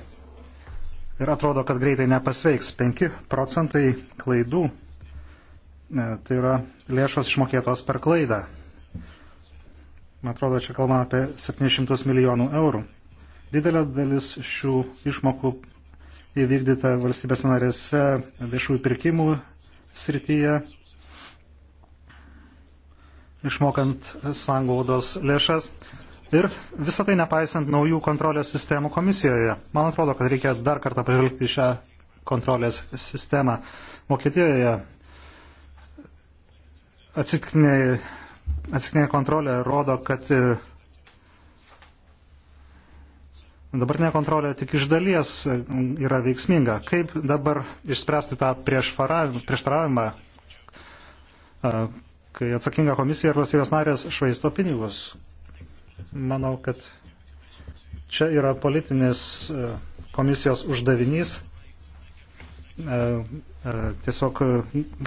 Ir atrodo, kad greitai nepasveiks. 5 procentai klaidų e, tai yra lėšos išmokėtos per klaidą. Man atrodo, čia kalbame apie 700 milijonų eurų. Didelė dalis šių išmokų įvykdyta valstybės narėse viešųjų pirkimų srityje, išmokant sanglaudos lėšas. Ir visą tai nepaisant naujų kontrolės sistemų komisijoje. Man atrodo, kad reikia dar kartą pažvelgti šią kontrolės sistemą. Vokietijoje atsitiknė, atsitiknė kontrolė rodo, kad Dabartinė kontrolė tik iš dalies e, yra veiksminga. Kaip dabar išspręsti tą prieštaravimą, e, kai atsakinga komisija ir valstybės narės švaisto pinigus? Manau, kad čia yra politinis e, komisijos uždavinys tiesiog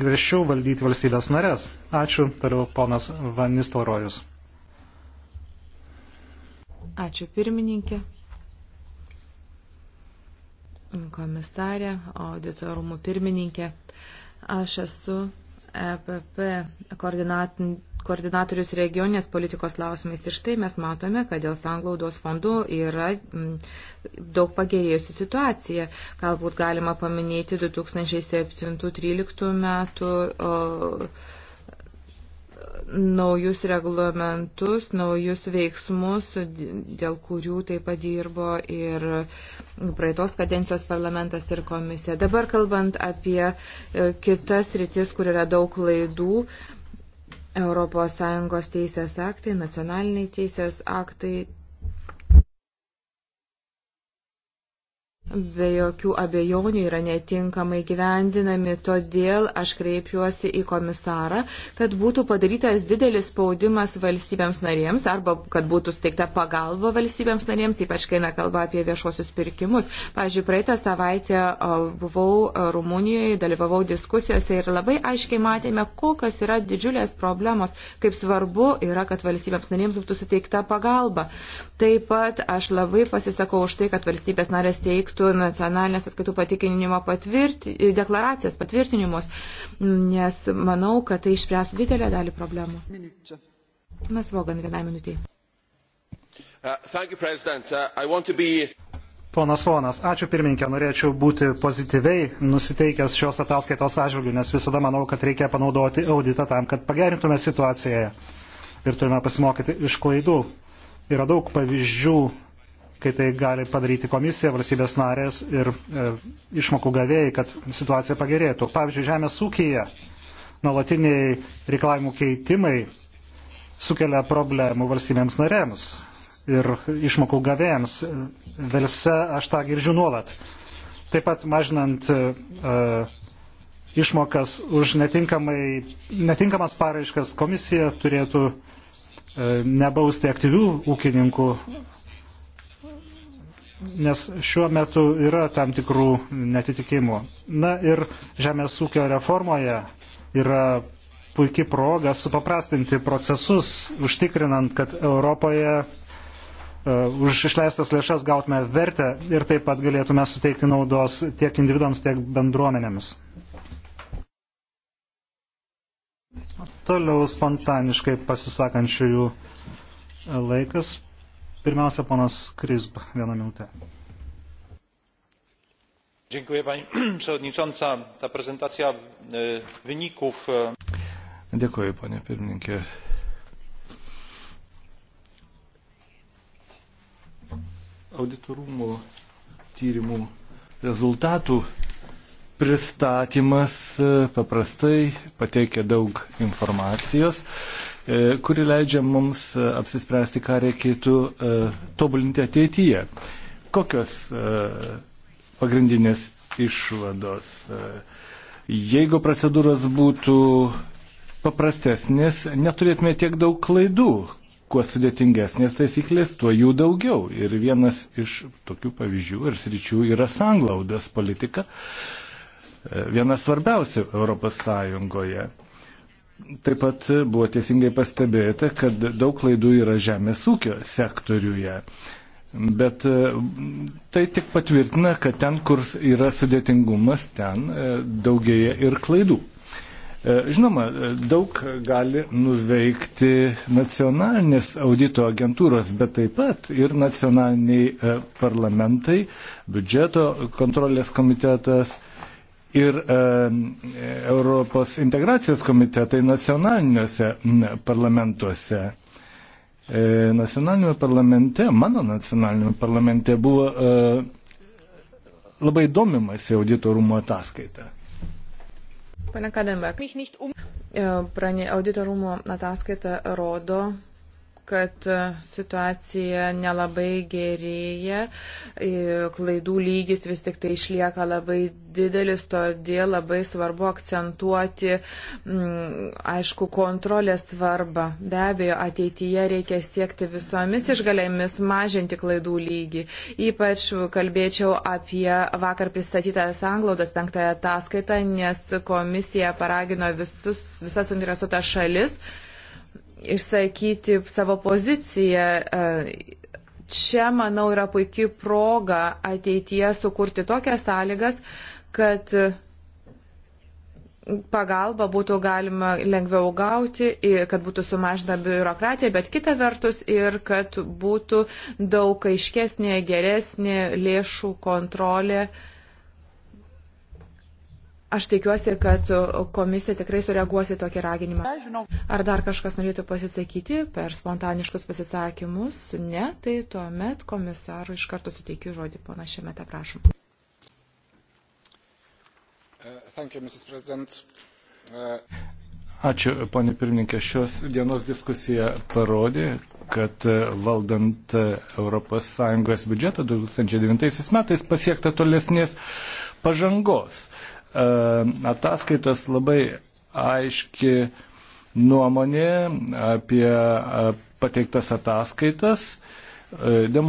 griežčiau valdyti valstybės narės. Ačiū, tariau ponas Vanistelrojus. Ačiū pirmininkė komisarė, auditorumų pirmininkė. Aš esu EPP koordinat, koordinatorius regioninės politikos klausimais. Ir štai mes matome, kad dėl sanglaudos fondų yra daug pagerėjusi situacija. Galbūt galima paminėti 2007-2013 metų. O, naujus reglamentus, naujus veiksmus, dėl kurių taip pat dirbo ir praeitos kadencijos parlamentas ir komisija. Dabar kalbant apie e, kitas rytis, kur yra daug klaidų, ES teisės aktai, nacionaliniai teisės aktai, be jokių abejonių yra netinkamai gyvendinami, todėl aš kreipiuosi į komisarą, kad būtų padarytas didelis spaudimas valstybėms narėms arba kad būtų steigta pagalba valstybėms narėms, ypač kai eina kalba apie viešuosius pirkimus. Pavyzdžiui, praeitą savaitę buvau Rumunijoje, dalyvavau diskusijose ir labai aiškiai matėme, kokios yra didžiulės problemos, kaip svarbu yra, kad valstybėms narėms būtų suteikta pagalba. Taip pat aš labai pasisakau už tai, kad valstybės narės teiktų atitiktų nacionalinės atskaitų patikinimo patvirti, deklaracijas, patvirtinimus, nes manau, kad tai išspręstų didelę dalį problemų. Mes vogan vienai minutiai. Uh, uh be... Ponas Vonas, ačiū pirmininkė, norėčiau būti pozityviai nusiteikęs šios ataskaitos atžvilgių, nes visada manau, kad reikia panaudoti auditą tam, kad pagerintume situaciją ir turime pasimokyti iš klaidų. Yra daug pavyzdžių kai tai gali padaryti komisija, valstybės narės ir e, išmokų gavėjai, kad situacija pagerėtų. Pavyzdžiui, žemės ūkija nuolatiniai reikalavimų keitimai sukelia problemų valstybėms narėms ir išmokų gavėjams. Velse aš tą girdžiu nuolat. Taip pat mažinant e, e išmokas už netinkamas paraiškas komisija turėtų e, nebausti aktyvių ūkininkų nes šiuo metu yra tam tikrų netitikimų. Na ir žemės ūkio reformoje yra puikia proga supaprastinti procesus, užtikrinant, kad Europoje uh, už išleistas lėšas gautume vertę ir taip pat galėtume suteikti naudos tiek individams, tiek bendruomenėms. Toliau spontaniškai pasisakančiųjų laikas. Pirmiausia, ponas Krisb, vieną minutę. Dziękuję Pani Przewodnicząca. Ta prezentacja e, wyników. E, Dziękuję Panie Pirmininkie. Auditorumo tyrimų rezultatų pristatymas e, paprastai pateikia daug informacijos E, kuri leidžia mums e, apsispręsti, ką reikėtų e, tobulinti ateityje. Kokios pagrindinės išvados? Jeigu procedūros būtų paprastesnės, neturėtume tiek daug klaidų. Kuo sudėtingesnės taisyklės, tuo jų daugiau. Ir vienas iš tokių pavyzdžių ir sričių yra sanglaudos politika, viena svarbiausia Europos Sąjungoje. Taip pat buvo teisingai pastebėta, kad daug klaidų yra žemės ūkio sektoriuje. Bet e, tai tik patvirtina, kad ten, kur yra sudėtingumas, ten e, daugėja ir klaidų. E, žinoma, daug gali nuveikti nacionalinės audito agentūros, bet taip pat ir nacionaliniai parlamentai, biudžeto kontrolės komitetas, ir e, Europos integracijos komitetai nacionaliniuose parlamentuose. E, nacionalinėme parlamente, mano nacionalinėme parlamente buvo e, labai domimasi auditorumo ataskaita. Pane Kadenbek, um- auditorumo ataskaita rodo, kad e, situacija nelabai gerėja, e, klaidų lygis vis tik tai išlieka labai didelis, todėl labai svarbu akcentuoti, mm, aišku, kontrolės svarbą. Be abejo, ateityje reikia siekti visomis išgalėmis mažinti klaidų lygį. Ypač kalbėčiau apie vakar pristatytą sanglaudas penktąją ataskaitą, nes komisija paragino visus, visas interesuotas šalis išsakyti savo poziciją. E, čia, manau, yra puikia proga ateityje sukurti tokias sąlygas, kad pagalbą būtų galima lengviau gauti, kad būtų sumažina biurokratija, bet kita vertus ir kad būtų daug aiškesnė, geresnė lėšų kontrolė uh, Aš tikiuosi, kad komisija tikrai sureaguos į tokį raginimą. Ar dar kažkas norėtų pasisakyti per spontaniškus pasisakymus? Ne, tai tuomet komisarui iš karto suteikiu žodį. Pana Šemeta, prašom. Uh, uh, Ačiū, ponė pirmininkė. Šios dienos diskusija parodė, kad uh, valdant ES biudžetą 2009 metais pasiekta tolesnės pažangos E, ataskaitos labai aiški nuomonė apie e, pateiktas ataskaitas. E,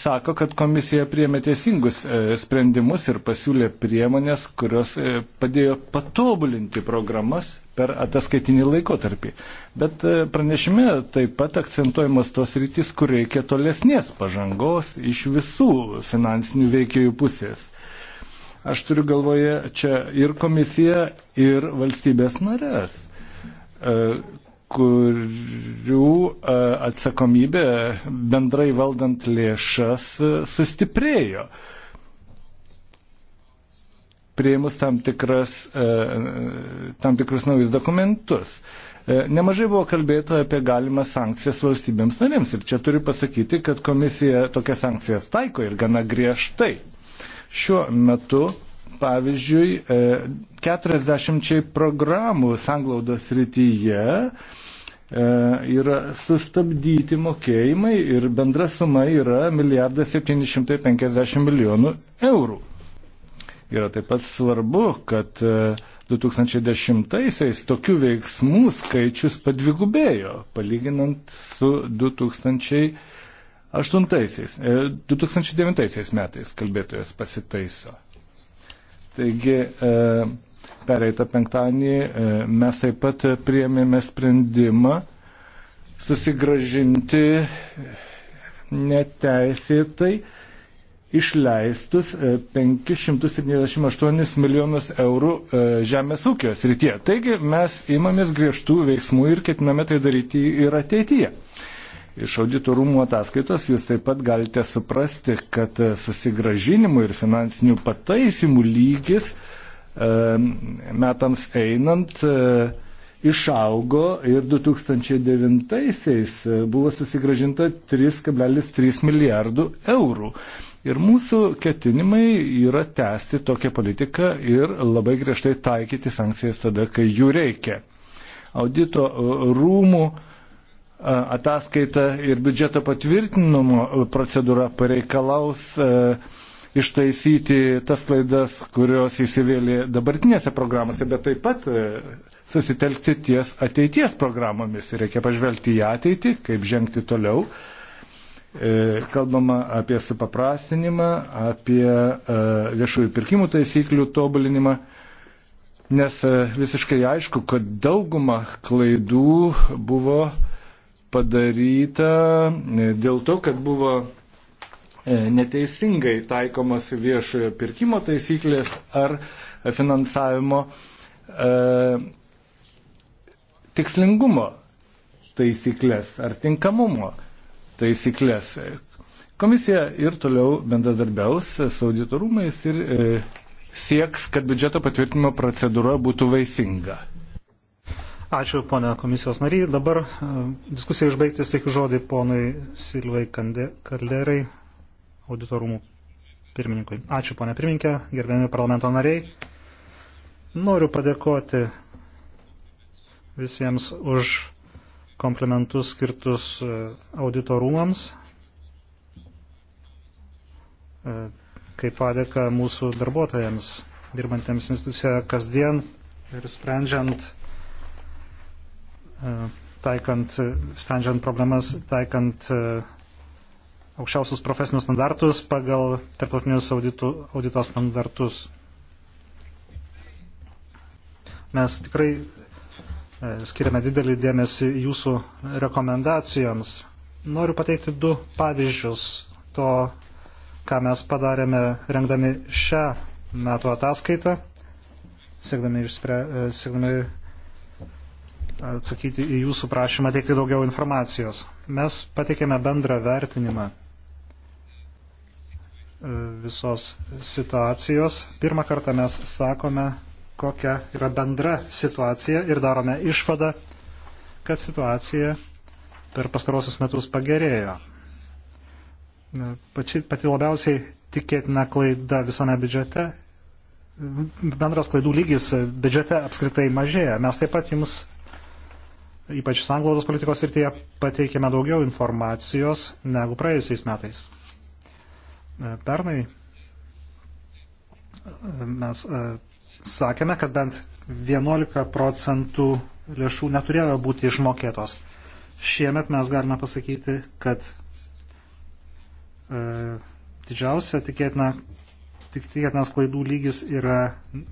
sako, kad komisija priemė teisingus sprendimus ir pasiūlė priemonės, kurios padėjo patobulinti programas per ataskaitinį laikotarpį. Bet pranešime taip pat akcentuojamas tos rytis, kur reikia tolesnės pažangos iš visų finansinių veikėjų pusės. Aš turiu galvoje čia ir komisiją, ir valstybės narės, e, kurių e, atsakomybė bendrai valdant lėšas e, sustiprėjo. Prieimus tam, tikras, tam tikrus naujus dokumentus. Nemažai buvo kalbėta apie galimas sankcijas valstybėms narėms ir čia turiu pasakyti, kad komisija tokias sankcijas taiko ir gana griežtai. Šiuo metu, pavyzdžiui, 40 e, programų sanglaudos rytyje e, yra sustabdyti mokėjimai ir bendra suma yra 1 750 milijonų eurų. Yra taip pat svarbu, kad 2010-aisiais e, tokių veiksmų skaičius padvigubėjo, palyginant su 2000. Aštuntaisiais, 2009 e, metais kalbėtojas pasitaiso. Taigi, e, pereitą penktadienį e, mes taip pat priėmėme sprendimą susigražinti neteisėtai išleistus 578 milijonus eurų žemės ūkio srityje. Taigi mes imamės griežtų veiksmų ir ketiname tai daryti ir ateityje. Iš audito rūmų ataskaitos jūs taip pat galite suprasti, kad e, susigražinimų ir finansinių pataisimų lygis e, metams einant e, išaugo ir 2009-aisiais buvo susigražinta 3,3 milijardų eurų. Ir mūsų ketinimai yra tęsti tokią politiką ir labai griežtai taikyti sankcijas tada, kai jų reikia. Audito rūmų uh, ataskaita ir biudžeto patvirtinimo procedūra pareikalaus ištaisyti tas klaidas, kurios įsivėlė dabartinėse programose, bet taip pat susitelkti ties ateities programomis. Reikia pažvelgti į ateitį, kaip žengti toliau. E, kalbama apie supaprastinimą, apie e, viešųjų pirkimų taisyklių tobulinimą, nes e, visiškai aišku, kad dauguma klaidų buvo padaryta e, dėl to, kad buvo e, neteisingai taikomas viešojo pirkimo taisyklės ar finansavimo e, tikslingumo taisyklės ar tinkamumo taisyklės. Komisija ir toliau bendradarbiaus su auditorumais ir e, sieks, kad biudžeto patvirtinimo procedūra būtų vaisinga. Ačiū, ponia komisijos nariai. Dabar e, diskusijai užbaigti sveikiu žodį ponui Silvai Kalderai, auditorumų pirmininkui. Ačiū, ponia pirmininkė, gerbėmi parlamento nariai. Noriu padėkoti visiems už komplementus skirtus e, auditorumams e, kaip padėka mūsų darbuotojams, dirbantiems institucijoje kasdien ir sprendžiant E, taikant, e, sprendžiant problemas, taikant e, aukščiausius profesinius standartus pagal tarptautinius audito, audito standartus. Mes tikrai skiriame didelį dėmesį jūsų rekomendacijoms. Noriu pateikti du pavyzdžius to, ką mes padarėme rengdami šią metų ataskaitą, siekdami, išspre, siekdami atsakyti į jūsų prašymą teikti daugiau informacijos. Mes pateikėme bendrą vertinimą e, visos situacijos. Pirmą kartą mes sakome, kokia yra bendra situacija ir darome išvadą, kad situacija per pastarosius metus pagerėjo. E, pati, pati labiausiai tikėtina klaida visame biudžete bendras klaidų lygis biudžete apskritai mažėja. Mes taip pat jums ypač sanglaudos politikos ir tie pateikėme daugiau informacijos negu praėjusiais metais. E, pernai e, mes e, sakėme, kad bent 11 procentų lėšų neturėjo būti išmokėtos. Šiemet mes galime pasakyti, kad e, didžiausia tikėtina, tik, tikėtinas klaidų lygis yra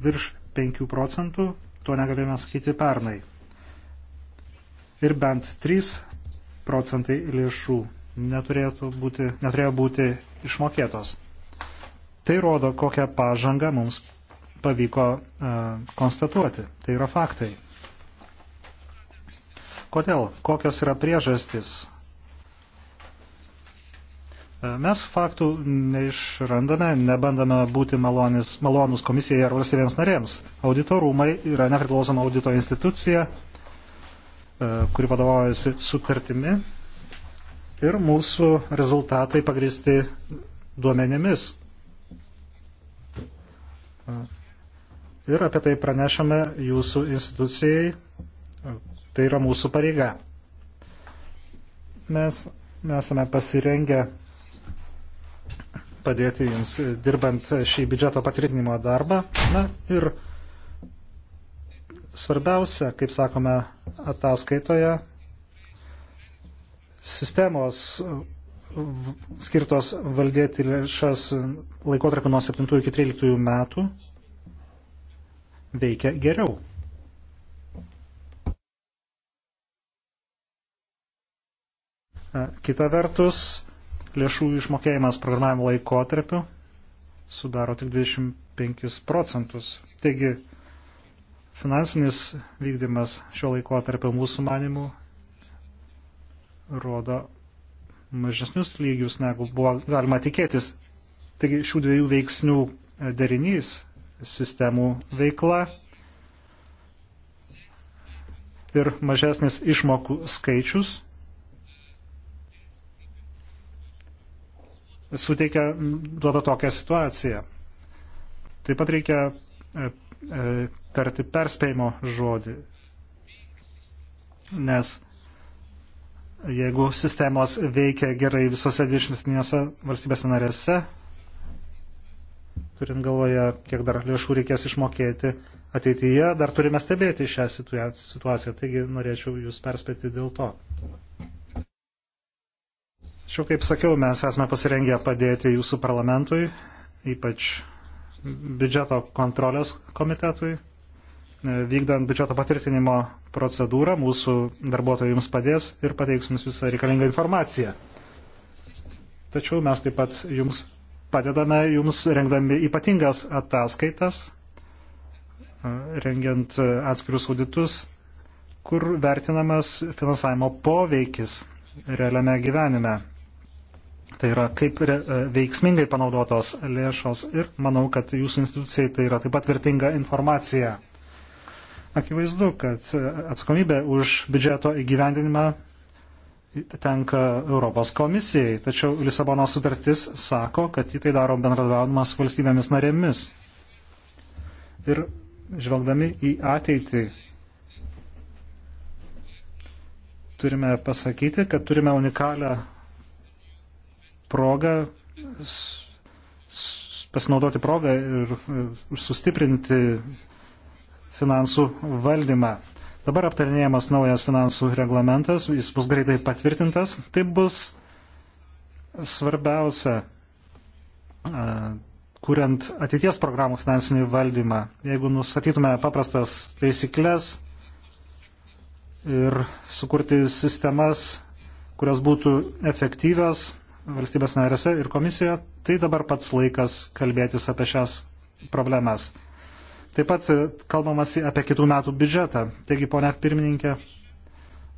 virš 5 procentų, to negalėjome sakyti pernai ir bent 3 procentai lėšų neturėtų būti, neturėjo būti išmokėtos. Tai rodo, kokią pažangą mums pavyko uh, konstatuoti. Tai yra faktai. Kodėl? Kokios yra priežastis? E, mes faktų neišrandame, nebandame būti malonis, malonus komisijai ar valstybėms narėms. Auditorumai yra nepriklausoma audito institucija, E, kuri vadovaujasi sutartimi ir mūsų rezultatai pagristi duomenėmis. E, ir apie tai pranešame jūsų institucijai. E, tai yra mūsų pareiga. Mes esame pasirengę padėti jums dirbant šį biudžeto patvirtinimo darbą. Na ir Svarbiausia, kaip sakome ataskaitoje, sistemos skirtos valdėti lėšas laikotarpį nuo 7 iki 13 metų veikia geriau. Kita vertus, lėšų išmokėjimas programavimo laikotarpiu sudaro tik 25 procentus. Taigi, Finansinis vykdymas šio laiko tarp mūsų manimų rodo mažesnius lygius, negu buvo galima tikėtis. Taigi šių dviejų veiksnių e, derinys - sistemų veikla ir mažesnis išmokų skaičius suteikia, duoda tokią situaciją. Taip pat reikia e, E, tarti perspėjimo žodį. Nes jeigu sistemos veikia gerai visose 27 valstybės narėse, turint galvoje, kiek dar lėšų reikės išmokėti ateityje, dar turime stebėti šią situaciją. Taigi norėčiau Jūs perspėti dėl to. Šiaip kaip sakiau, mes esame pasirengę padėti Jūsų parlamentui, ypač biudžeto kontrolės komitetui. E, vykdant biudžeto patvirtinimo procedūrą, mūsų darbuotojai jums padės ir pateiks jums visą reikalingą informaciją. Tačiau mes taip pat jums padedame, jums rengdami ypatingas ataskaitas, e, rengiant atskirius auditus, kur vertinamas finansavimo poveikis realiame gyvenime Tai yra kaip re, e, veiksmingai panaudotos lėšos ir manau, kad jūsų institucijai tai yra taip pat vertinga informacija. Akivaizdu, kad e, atsakomybė už biudžeto įgyvendinimą tenka Europos komisijai, tačiau Lisabono sutartis sako, kad jį tai daro bendradavimas su valstybėmis narėmis. Ir žvelgdami į ateitį, turime pasakyti, kad turime unikalią progą, pasinaudoti progą ir sustiprinti finansų valdymą. Dabar aptarinėjamas naujas finansų reglamentas, jis bus greitai patvirtintas. Tai bus svarbiausia, kuriant ateities programų finansinį valdymą. Jeigu nustatytume paprastas taisyklės ir sukurti sistemas, kurios būtų efektyvios, valstybės narėse ir komisija, tai dabar pats laikas kalbėtis apie šias problemas. Taip pat e, kalbamasi apie kitų metų biudžetą. Taigi, ponia pirmininkė,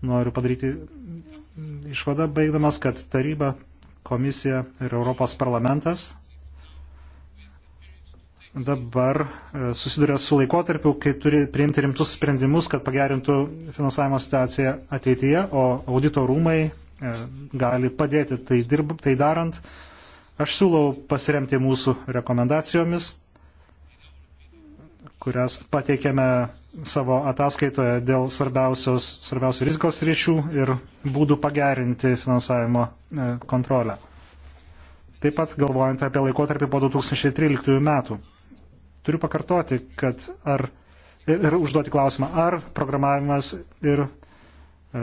noriu padaryti išvadą baigdamas, kad taryba, komisija ir Europos parlamentas dabar e, susiduria su laikotarpiu, kai turi priimti rimtus sprendimus, kad pagerintų finansavimo situaciją ateityje, o audito rūmai E, gali padėti tai, dirb, tai darant. Aš siūlau pasiremti mūsų rekomendacijomis, kurias pateikėme savo ataskaitoje dėl svarbiausių rizikos ryšių ir būdų pagerinti finansavimo e, kontrolę. Taip pat galvojant apie laikotarpį po 2013 metų. Turiu pakartoti, kad ar ir, ir užduoti klausimą, ar programavimas ir e,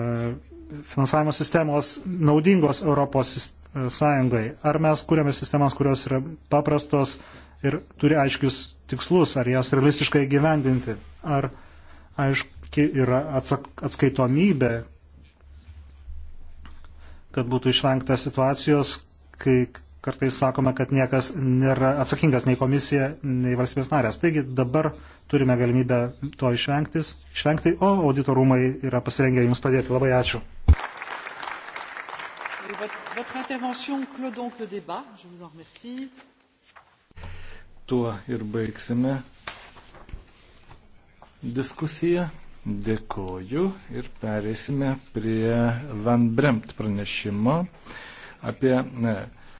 finansavimo sistemos naudingos Europos e, Sąjungai? Ar mes kūrėme sistemas, kurios yra paprastos ir turi aiškius tikslus, ar jas realistiškai gyvendinti? Ar aiški yra atsak, atskaitomybė, kad būtų išvengta situacijos, kai kartais sakome, kad niekas nėra atsakingas nei komisija, nei valstybės narės. Taigi dabar turime galimybę to išvengtis, išvengti, o auditorumai yra pasirengę jums padėti. Labai ačiū. Votre intervention clôt donc le débat. Je vous en remercie. Tuo ir baigsime diskusiją. Dėkoju ir pereisime prie Van Bremt pranešimo apie ne,